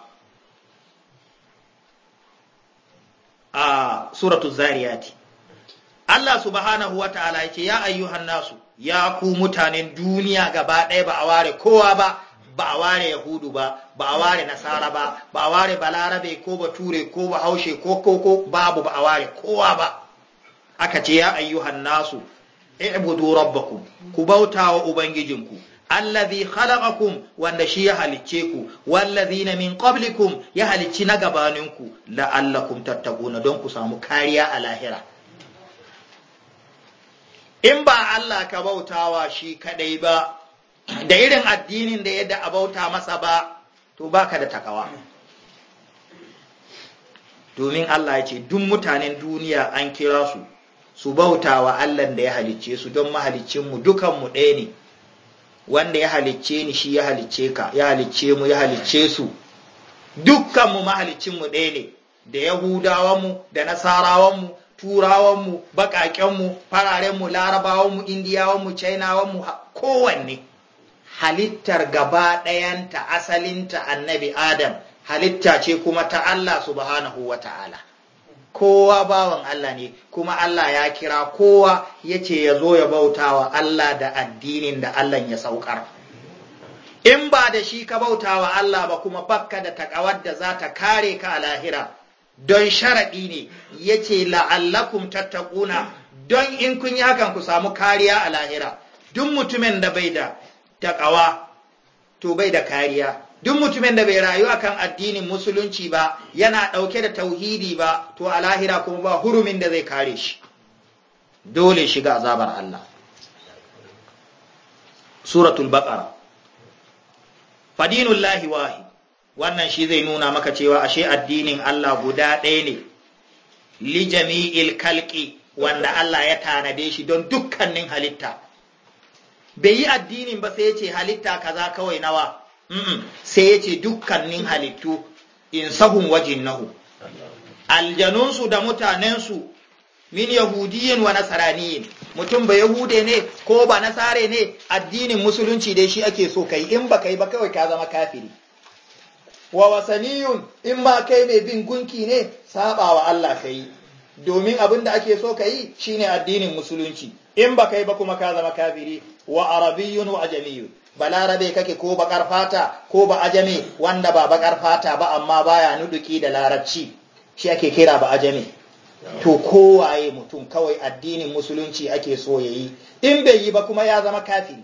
S1: a suratul zariyati Allah subhanahu wa ta'ala yake ya ayyuhan nasu ya ku mutanen duniya gaba ɗaya ba a ware kowa ba ba a ware yahudu ba ba a ware nasara ba ba a ware balarabe ko ba Ture ko ba Haushe ko koko babu ba a ware kowa ba aka ce ya ayyuhan nasu i'budu rabbakum ku bauta wa ubangijinku allazi khalaqakum wanda shi ya halicce ku wallazina min qablikum ya halicci na gabaninku la'allakum tattaquna don ku samu kariya a lahira in ba Allah ka bautawa shi kadai ba da irin addinin da yadda a bauta masa ba to baka da takawa domin Allah ya ce duk mutanen duniya an kira su su bauta Allah da ya halicce su don dukan mu ɗaya ne wanda ya halicce ni shi ya halicce ka ya halicce mu ya halicce su dukkanmu mahalicinmu ɗaya ne da yahudawanmu da nasarawanmu turawanmu baƙaƙenmu fararenmu larabawanmu indiyawanmu chinawanmu kowanne halittar gaba ɗayanta asalinta annabi adam halitta ce kuma ta Allah subhanahu wa ta'ala kowa bawan Allah ne kuma Allah ya kira kowa yace ce ya zo ya bauta wa Allah da addinin da Allah ya saukar in ba da shi ka bauta wa Allah ba kuma bakka da takawar da za ta kare ka a lahira don sharaɗi ne yace la'allakum tattakuna. don in kun yi hakan ku samu kariya a lahira duk mutumin da bai da takawa to bai da kariya duk mutumin da bai rayu akan addinin musulunci ba yana ɗauke da tauhidi ba to a lahira kuma ba hurumin da zai kare shi dole shiga azabar Allah suratul baqara fadinullahi wahid wannan shi zai nuna maka cewa ashe addinin Allah guda ɗaya ne li jami'il kalki wanda Allah ya tanade shi don dukkanin halitta bai yi addinin ba sai ya ce halitta kaza kawai nawa sai ya ce dukkanin halittu in sahun wajin nahu aljanunsu da mutanensu min yahudiyin wa nasaraniyin mutum ba yahude ne ko ba nasare ne addinin musulunci dai shi ake so kai in ba kai ba kawai ka zama kafiri wa wasaniyun in ma kai mai bin gunki ne saba wa Allah kai domin abin da ake so ka yi shine addinin musulunci in ba kai ba kuma ka zama kafiri wa arabiyun wa ajamiyun balarabe kake ko bakar fata ko ba ajami wanda ba bakar fata ba amma baya nuduki da larabci shi ake kira ba ajami to kowaye mutum kawai addinin musulunci ake so yayi in bai yi ba kuma ya zama kafiri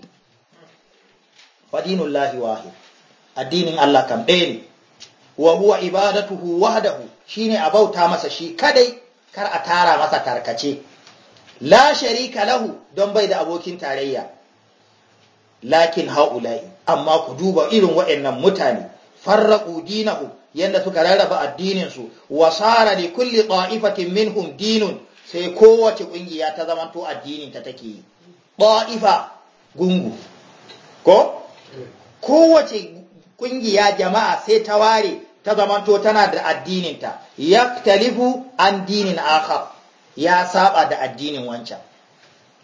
S1: dinullahi wahid addinin Allah kam ɗaya ne wa huwa ibadatuhu wahdahu shine a bauta masa shi kadai kar a tara masa tarkace la sharika lahu don bai da abokin tarayya lakin haula'i amma ku duba irin waɗannan mutane farraqu dinahu yanda suka rarraba addinin su wa sara li kulli qa'ifatin minhum dinun sai kowace kungiya ta zamanto addinin ta take yi gungu ko kowace kungiya jama'a sai ta ware ta zamanto tana da addininta Ya yaktalifu an dinin akhar ya saba da addinin wancan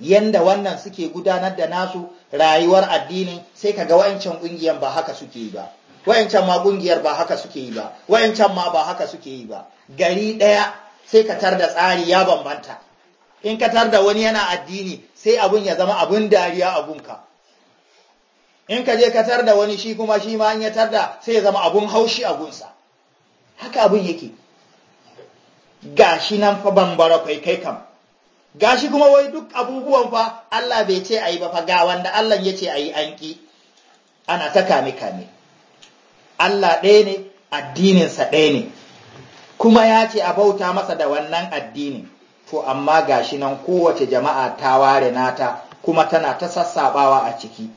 S1: yanda wannan suke gudanar da nasu rayuwar addinin sai kaga wayancan ƙungiyar ba haka suke yi ba wayancan ma kungiyar ba haka suke yi ba wayancan ma ba haka suke yi ba gari ɗaya sai ka tar da tsari ya bambanta in ka tar da wani yana addini sai abun ya zama abun dariya a gunka in ka je ka tar da wani shi kuma shi ma in ya tar da sai ya zama abun haushi a gunsa haka abin yake gashi nan fa bambara kai kai kam gashi kuma wai duk abubuwan fa Allah bai ce ayi ba fa ga wanda Allah ya ce ayi anki. ana ta kame kame Allah ɗaya ne addininsa ɗaya ne kuma ya ce a bauta masa da wannan addinin to amma gashi nan kowace jama'a ta ware nata kuma tana ta sassabawa a ciki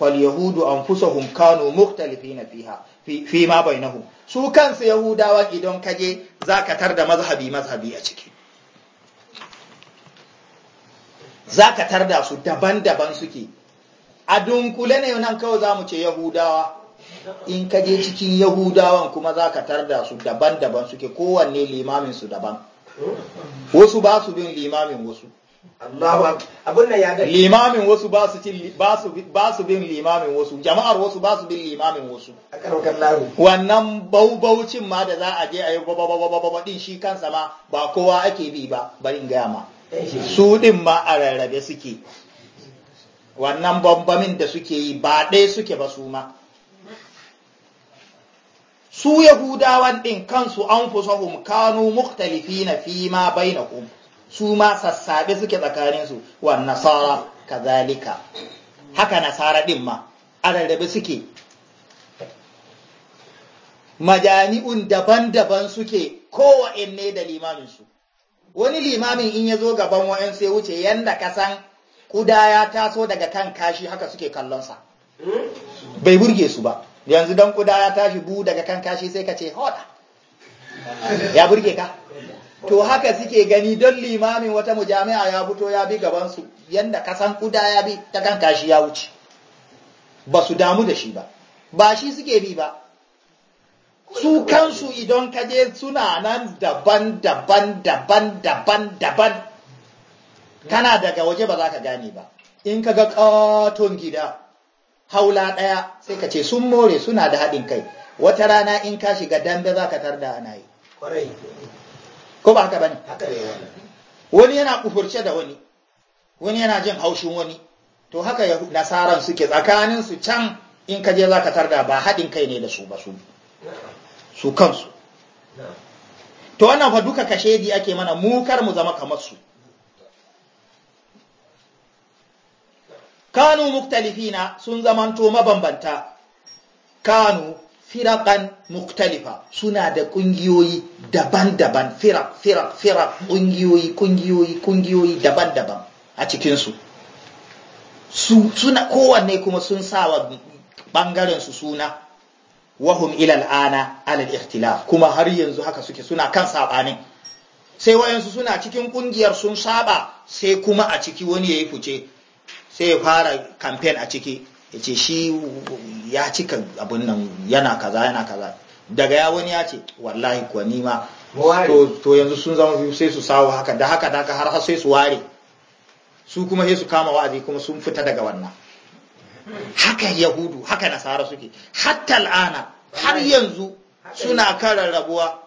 S1: falyahudu anfusahum kanu mukhtalifina fiha fi ma bainahum su kansu yahudawa idan kaje zaka tar da mazhabi mazhabi a ciki zaka tar da su daban-daban suke a dunkule ne nan kawai zamu ce yahudawa in kaje cikin yahudawan kuma zaka tar da su daban-daban suke kowanne limamin su daban wasu ba su bin limamin wasu Allahu abun nan ya limamin wasu ba su ba su bin limamin wasu jama'ar wasu ba su bin limamin wasu wannan baubaucin ma da za a je a yi bababababa din shi kansa ma ba kowa ake bi ba barin gaya ma su din ma a rarrabe suke wannan bambamin da suke yi ba ɗaya suke ba su ma su yahudawan ɗin kansu an fusahum kanu mukhtalifina fi ma bainahum su ma sassabe suke tsakaninsu wa nasara kazalika haka nasara din ma Adadabe suke majami'un daban-daban suke ne da limaminsu wani limamin in ya zo gaban wa'yan sai wuce yadda ka san kuda ya taso daga kan kashi haka suke kallonsa bai burge su ba yanzu don kuda ya tashi bu daga kan kashi sai ka ce hoda ya burge ka to haka suke gani don limamin wata mujami'a ya fito ya bi gabansu yadda kasan kuda ya bi ta kan kashi ya wuce ba su damu da shi ba ba shi suke bi ba su kansu idan kaje suna nan daban daban daban daban daban kana daga waje ba za ka gane ba in ka ga katon gida haula ɗaya sai ka ce sun more suna da haɗin kai wata rana in ka shiga dambe za ka tarda ana yi ko ba haka bane wani yana kufurce da wani wani yana jin haushin wani to haka nasaran suke tsakanin su can in ka je zaka tarda ba haɗin kai ne da su ba su su kansu to wannan fa duka kashedi ake mana mu kar mu zama kamar su kanu muktalifina sun zamanto mabambanta kanu firakan muktalifa suna da kungiyoyi daban-daban firak firak firak kungiyoyi kungiyoyi kungiyoyi daban-daban a cikinsu suna kowanne kuma sun sawa bangaren su suna wahum ilal ana alal ikhtilaf kuma har yanzu haka suke suna kan sabanin sai wayansu suna cikin kungiyar sun saba sai kuma a ciki wani ya yi fice sai ya fara kamfen a ciki ya ce shi ya cika abin nan yana kaza yana kaza daga ya wani ya ce wallahi kuwa nima to yanzu sun zama biyu sai su sawo haka da haka da har sai su ware su kuma sai su kama wa'azi kuma sun fita daga wannan haka yahudu haka nasara suke hatta al'ana har yanzu suna karar rabuwa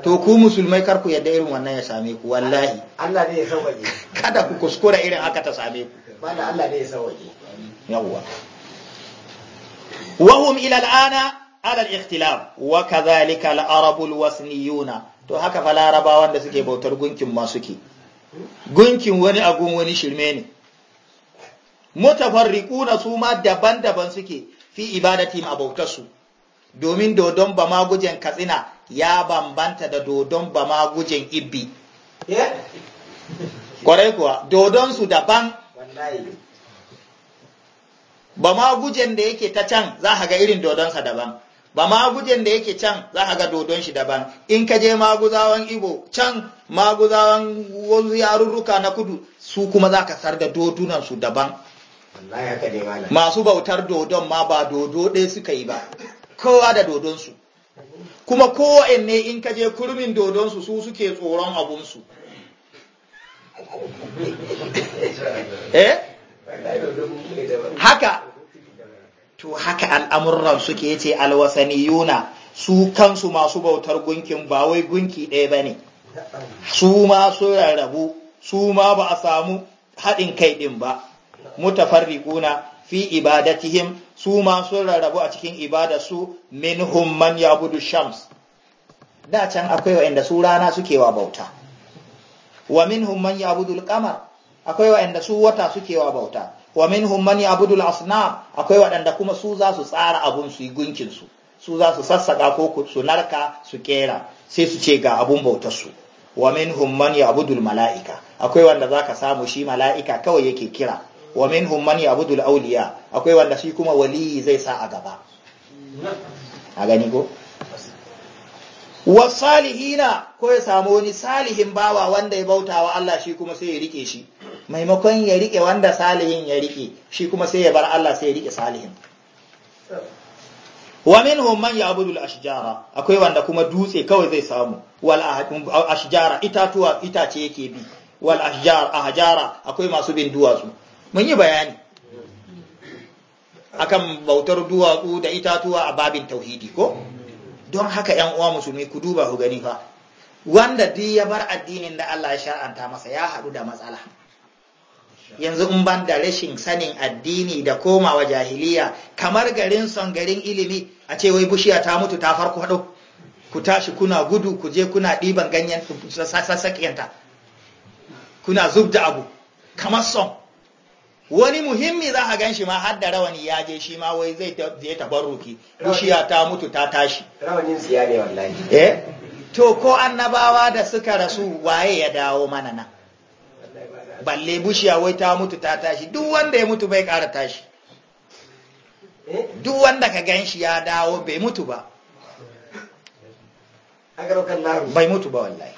S1: to ku musulmai kar ku yadda irin wannan ya same ku wallahi Allah ne ya sauke kada ku kuskura irin haka ta same ku wanda Allah ne ya sauke yawwa wa hum ila al'ana ala al-ikhtilaf wa kadhalika al arab al-wasniyuna to haka fa Laraba wanda suke bautar gunkin ma suke gunkin wani agun wani shirme ne mutafarriquna su ma daban-daban suke fi ibadatihim a su, domin dodon ba magujen katsina ya bambanta da dodon ba ma gujen ibbi eh? kwarai kuwa dodon su daban ba ma gujen da yake ta can za a ga irin dodonsa daban ba gujen da yake can za a ga dodon shi daban in ka je maguzawan ibo can maguzawan wanzu yarurruka na kudu su kuma za ka sar da dodunan su daban masu bautar dodon ma ba dodo ɗaya suka yi ba kowa da dodonsu. kuma ne in ka je kurmin dodonsu su suke tsoron abunsu eh haka to haka al'amuran suke ce alwasaniyuna su kansu masu bautar gunkin ba wai gunki ɗaya bane. ne su ma su rarrabu su ma ba a samu haɗin kai ɗin ba mutafarriquna fi ibadatihim su ma sun rarrabu a cikin ibada su min man budu shams da can akwai wa'anda su rana suke wa bauta wa min man ya budu qamar akwai wa'anda su wata suke wa bauta wa min man ya budu akwai waɗanda kuma su za su tsara abun su yi gunkin su su za su sassaka ko su narka su kera sai su ce ga abun bautar su wa min man ya budu malaika akwai wanda zaka samu shi mala'ika kawai yake kira wa minhum man ya'budu al-awliya akwai wanda shi kuma wali zai sa a gaba a gani ko salihina ko ya samu wani salihin bawa wanda ya bauta wa Allah shi kuma sai ya rike shi maimakon ya rike wanda salihin ya rike shi kuma sai ya bar Allah sai ya rike salihin wa minhum man ya'budu al-ashjara akwai wanda kuma dutse kawai zai samu wal ashjara itatuwa itace yake bi wal ahjar ahjara akwai masu bin duwatsu mun yi bayani akan bautar duwatsu da itatuwa a babin tauhidi ko don haka yan uwa musulmi ku duba ku gani fa wanda duk ya bar addinin da Allah ya shar'anta masa ya haɗu da matsala yanzu in ban da rashin sanin addini da komawa jahiliya kamar garin son garin ilimi a ce wai bushiya ta mutu ta farko hado ku tashi kuna gudu ku je kuna ɗiban ganyen sassaƙiyanta kuna zub da abu kamar son wani muhimmi za a gan shi ma har da rawani ya je shi ma wai zai ta tabarruki bushiya ta mutu ta tashi rawanin siya ne wallahi eh to ko annabawa da suka rasu waye ya dawo mana nan balle bushiya wai ta mutu ta tashi duk wanda ya mutu bai ƙara tashi eh? duk wanda ka gan shi ya dawo bai mutu ba bai mutu ba wallahi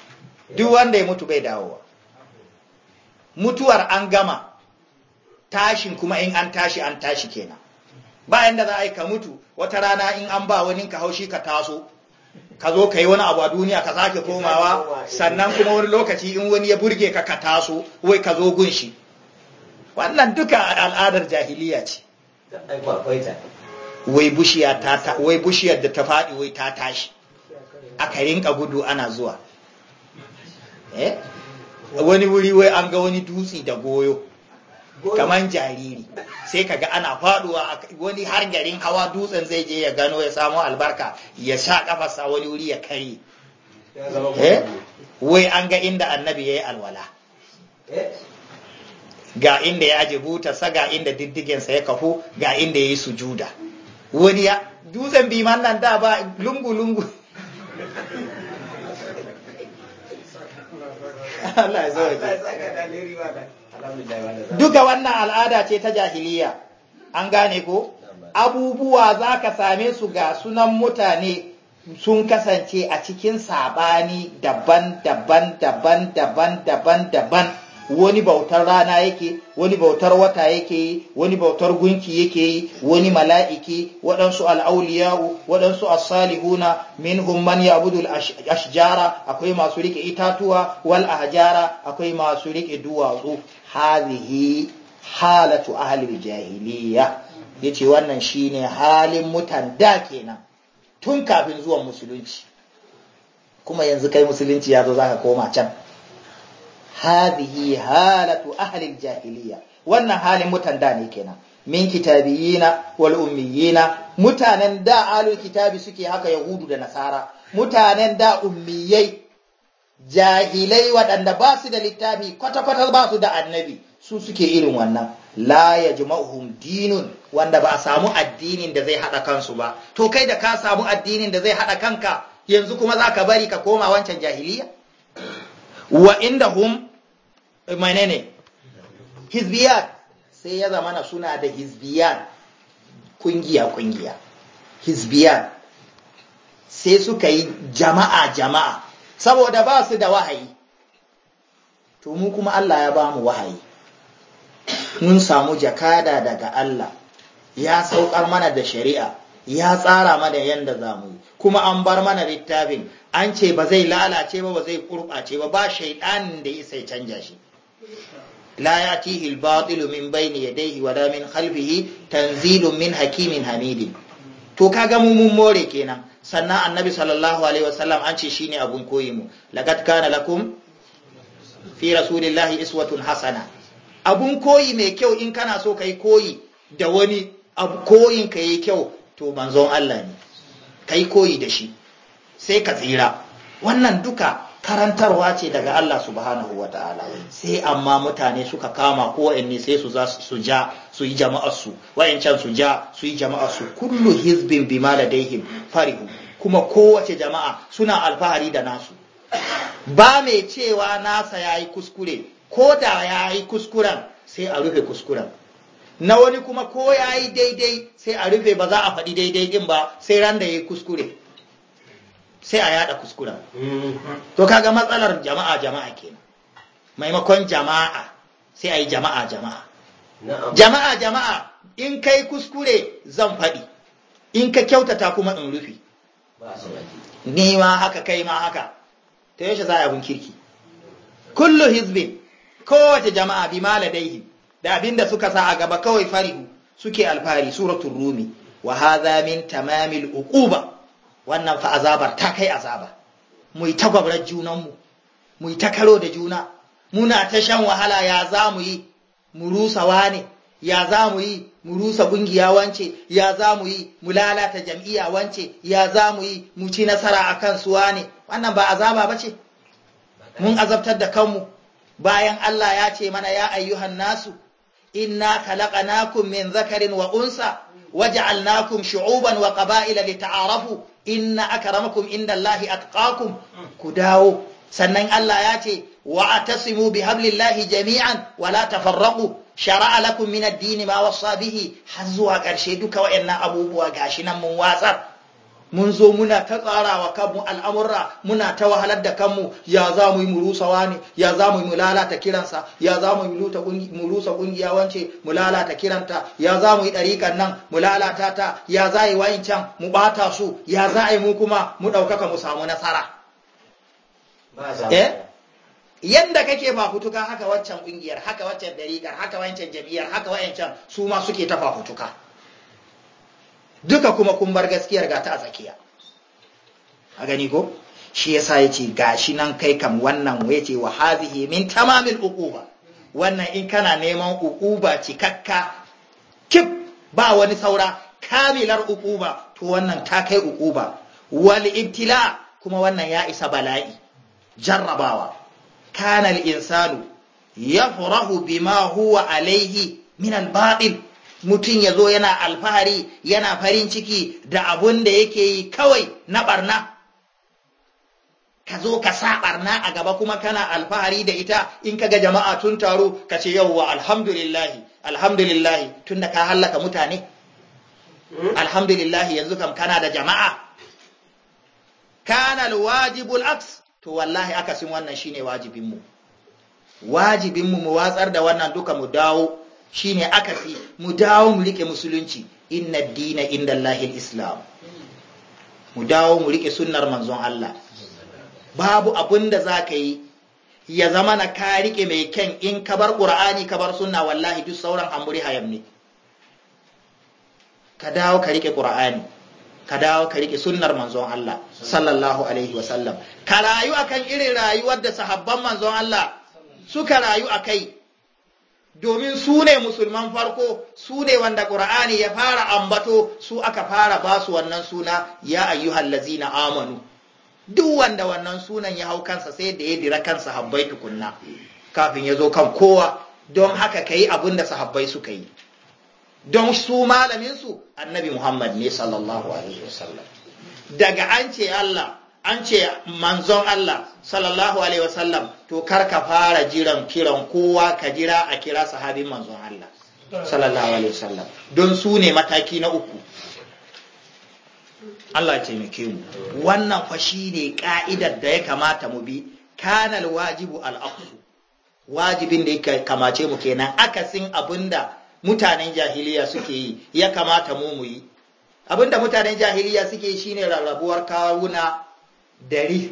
S1: duk wanda ya mutu bai dawowa mutuwar an gama tashin kuma in an tashi an tashi kenan bayan da za a yi ka mutu wata rana in an ba wani ka haushi ka taso ka zo ka yi wani abu a duniya ka sake komawa sannan kuma wani lokaci in wani ya burge ka ka taso wai ka zo gunshi wannan duka al'adar jahiliya ce wai bushiyar da ta faɗi wai ta tashi aka rinka gudu ana zuwa eh? wani wuri wai an ga wani dutsi da goyo kaman jariri sai kaga ana faduwa wani har garin hawa dutsen zai je ya gano ya samo albarka ya sha kafarsa wani wuri ya kare eh? wai an ga inda annabi ya yi alwala ga inda ya aje butarsa ga inda diddigensa ya kafu ga inda ya yi sujuda wani ya dutsen biman nan da ba lungu-lungu Allah ya zo duka wannan al'ada ce ta jahiliya an gane ko abubuwa za ka same su ga sunan mutane sun kasance a cikin saɓani daban daban daban daban daban daban wani bautar rana yake wani bautar wata yake yi wani bautar gunki yake yi wani mala'iki waɗansu al'auliyawu waɗansu as-salihuna minhum man ya'budu al-ashjara akwai masu riƙe itatuwa wal ahjara akwai masu riƙe duwatsu hadhihi halatu ahlil jahiliya yace wannan shine halin mutan da kenan tun kafin zuwan musulunci kuma yanzu kai musulunci ya zo zaka koma can hadhihi halatu ahlil jahiliya wannan halin mutan da ne kenan min kitabiyina wal ummiyina mutanen da alul kitabi suke haka yahudu da nasara mutanen da ummiyai jahilai waɗanda ba su da littafi kwata-kwata ba su da annabi su suke irin wannan la ya jima'uhum dinun wanda ba a samu addinin da zai haɗa kansu ba to kai da ka samu addinin da zai haɗa kanka yanzu kuma za ka bari ka koma wancan jahiliya wa inda hum ne. hizbiyat sai ya zamana suna da hizbiyat kungiya kungiya hizbiyat sai suka yi jama'a jama'a saboda ba su da wahayi to mu kuma Allah ya ba mu wahayi mun samu jakada daga Allah ya saukar mana da shari'a ya tsara mana yadda za mu yi kuma an bar mana littafin an ce ba zai lalace ba ba zai kurɓace ba ba shaiɗanin da isai canja shi la ya al-batilu min bayni yadayhi wa min tanzilun min hakimin hamidin to kaga mu mun more kenan sannan annabi sallallahu alaihi wasallam an ce shine abun koyi mu laqad kana lakum fi rasulillahi iswatun hasana abun koyi mai kyau in kana so kai koyi da wani abu koyin ka yi kyau to manzon Allah ne kai koyi da shi sai ka tsira wannan duka karantarwa ce daga Allah subhanahu wa ta'ala sai amma mutane suka kama ko ne sai su za su ja su yi jama'arsu wayancan su ja su yi jama'arsu kullu hizbin bima ladaihim farihu kuma kowace jama'a suna alfahari da nasu ba mai cewa nasa ya yi kuskure ko da ya yi kuskuren sai a rufe kuskuren na wani kuma ko ya yi daidai sai a rufe ba za a faɗi daidai ɗin ba sai ran da ya yi kuskure sai a yada kuskuren mm-hmm. to kaga matsalar jama'a jama'a kenan maimakon jama'a sai a yi jama'a jama'a jama'a jama'a in kai kuskure zan faɗi in ka kyautata kuma in rufi ni ma haka kai ma haka ta yaushe za a abin kirki kullu hizbin kowace jama'a bi maladaihi da abin da suka sa a gaba kawai farihu suke alfahari suratun rumi wa hadha min tamamil uquba wannan fa azabar ta kai azaba mu ta gwabrar junanmu mu ta karo da juna muna ta shan wahala ya za mu yi mu rusa wane ya za mu yi mu rusa ƙungiya wance ya za mu yi mu lalata jam'iyya wance ya za mu yi mu ci nasara a kan su wane wannan ba azaba ba ce mun azabtar da kanmu bayan Allah ya ce mana ya ayyuhan nasu inna khalaqnakum min zakarin wa unsa waja'alnakum shu'uban wa qaba'ila lita'arafu inna akramakum indallahi atqakum ku dawo sannan Allah ya ce wa atasimu bi hablillahi jami'an wa la tafarraqu shara'a lakum min ad-din ma wasa bihi har zuwa ƙarshe duka wayannan abubuwa gashi nan mun watsar mun zo muna ta tsarawa kanmu al'amurra muna ta wahalar da kanmu ya za mu yi murusawa ne ya za mu yi mu lalata kiransa ya za mu yi murusa kungiya wance mu lalata kiranta ya za mu yi ɗariƙan nan mu lalata ta ya za yi wayin can mu ɓata su ya za yi mu kuma mu ɗaukaka mu samu nasara Eh? yadda kake fafutuka haka waccan kungiyar haka waccan dariƙar haka wancan jami'ar, haka wancan su ma suke ta fafutuka duka kuma kun bar gaskiyar ga ta a tsakiya a gani ko shi ya yasa yace gashi nan kai kam wannan yace wa hazihi min tamamil uquba wannan in kana neman uquba cikakka kif ba wani saura kamilar uquba to wannan ta kai uquba wal ibtila kuma wannan ya isa bala'i jarrabawa kana Insanu insanu yafrahu bima huwa alaihi min al mutum ya zo yana alfahari yana farin ciki da abun da yake yi kawai na barna ka zo ka sa barna a gaba kuma kana alfahari da ita in kaga jama'a tun taro ka ce yauwa alhamdulillahi alhamdulillahi tun da ka hallaka mutane hmm? alhamdulillahi yanzu kam kana da jama'a kana alwajibul aks to wallahi akasin wannan shine wajibinmu wajibinmu mu watsar da wannan duka mu dawo shine akasi mu dawo mu rike musulunci inna dina inda Allahil islam mu dawo mu rike sunnar manzon Allah babu abinda da za ka yi ya zama na ka rike mai kyan in ka bar ƙur'ani ka bar sunna wallahi duk sauran amuri hayam ne ka dawo ka rike ƙur'ani ka dawo ka riƙe sunnar manzon Allah sallallahu alaihi wasallam ka rayu akan irin rayuwar da sahabban manzon Allah suka rayu akai. domin su ne musulman farko su ne wanda ƙur'ani ya fara ambato su aka fara ba su wannan suna ya ayyuhal ladzina amanu duk wanda wannan sunan ya hau kansa sai da ya dira kansa habbai tukunna kafin ya zo kan kowa don haka ka yi abin da sahabbai suka yi don su malaminsu annabi Muhammad ne sallallahu alaihi wasallam daga an ce Allah an ce manzon Allah sallallahu alaihi wasallam to kar ka fara jiran kiran kowa ka jira a kira sahabin manzon Allah sallallahu alaihi wasallam don su ne mataki na uku Allah taimake mu wannan fa ne ka'idar da ya kamata mu bi kanal wajibu al wajibin da ya kamace mu kenan akasin abinda mutanen jahiliya suke yi ya kamata mu mu yi abinda mutanen jahiliya suke yi shine rarrabuwar kawuna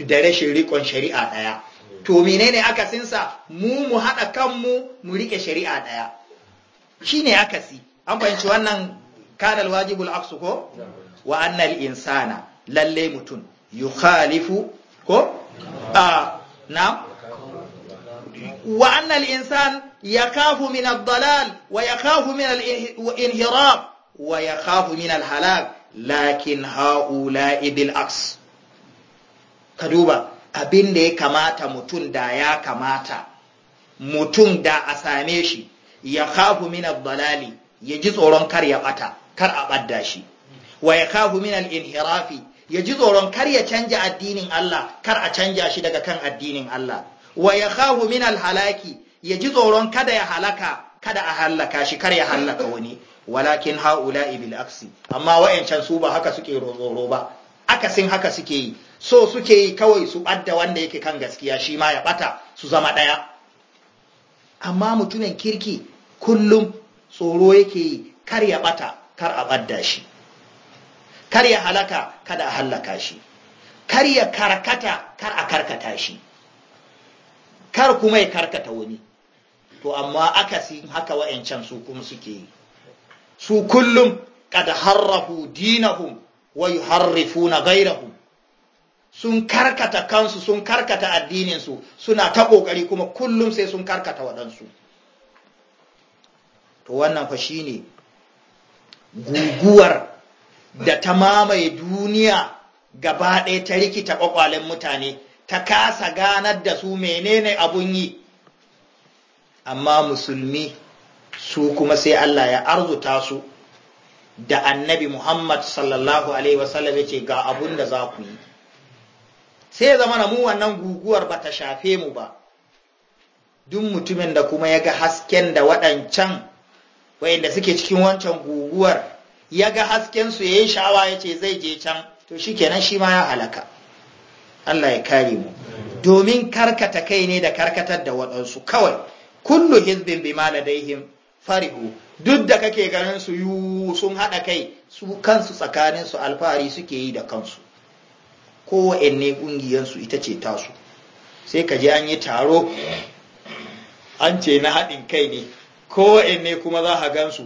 S1: da rashin rikon shari'a ɗaya to menene akasinsa mu mu haɗa kanmu mu riƙe shari'a ɗaya shine akasi an fahimci wannan kanal wajibul aksu ko wa annal insana lalle mutum yukhalifu ko a na wa annal insan يخاف من wa ويخاف من الانهراب halak lakin الهلاك لكن aks. Ka duba abin da ya kamata mutum da ya kamata mutum da a same shi ya kafu min dalali ya ji tsoron kar ya bata kar a badda shi wa ya kafu min inhirafi ya ji tsoron kar ya canja addinin Allah kar a canja shi daga kan addinin Allah wa ya kafu min halaki ya ji tsoron kada ya halaka kada a hallaka shi kar ya hallaka wani walakin haula bil aksi amma wayancan su ba haka suke tsoro ba akasin haka suke yi so suke yi kawai su ɓadda wanda yake kan gaskiya shi ma ya ɓata su zama ɗaya. amma mutumin kirki kullum tsoro yake yi kar ya ɓata kar a badda shi kar ya halaka kada a hallaka shi kar ya karkata kar a karkata shi kar kuma ya karkata wani to amma akasin haka wa'ancan su kuma suke yi su kullum kad harrafu dinahum wa yuharrifuna ghayrahum sun karkata kansu sun karkata addinin su suna ta ƙoƙari kuma kullum sai sun karkata waɗansu to wannan fa shine guguwar da ta mamaye duniya gaba ɗaya ta rikita ƙwaƙwalen mutane ta kasa ganar da su menene abun yi amma musulmi su kuma sai Allah ya arzuta su da annabi Muhammad sallallahu Alaihi wasallam ya ce ga abun da za ku yi. Sai ya zama mu wannan guguwar ba ta shafe mu ba, duk mutumin da kuma ya ga hasken da waɗancan wayanda suke cikin wancan guguwar ya ga haskensu ya yi sha'awa ya ce zai je can, to shi kenan shi ma ya halaka. Allah ya kare mu, domin karkata kai ne da karkatar da waɗansu kawai. kullu hizbin bima ladaihim farihu duk da kake ganin su yu sun haɗa kai su kansu tsakanin su alfahari suke yi da kansu kowanne kungiyar su ita ce tasu sai ka je an yi taro an ce na haɗin kai ne kowanne kuma za ka gan su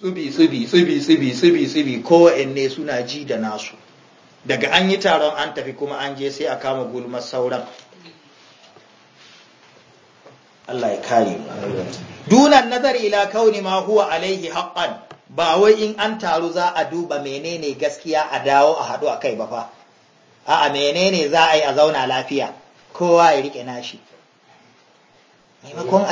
S1: tsubi tsubi tsubi tsubi tsubi ko kowanne suna ji da nasu daga an yi taron an tafi kuma an je sai a kama gulmar sauran Allah ya kare mu dunan nazari ila kauni ma huwa alaihi haqqan ba wai in an taru za a duba menene gaskiya a dawo a haɗu a kai ba fa a'a menene za a yi a zauna lafiya kowa ya rike nashi maimakon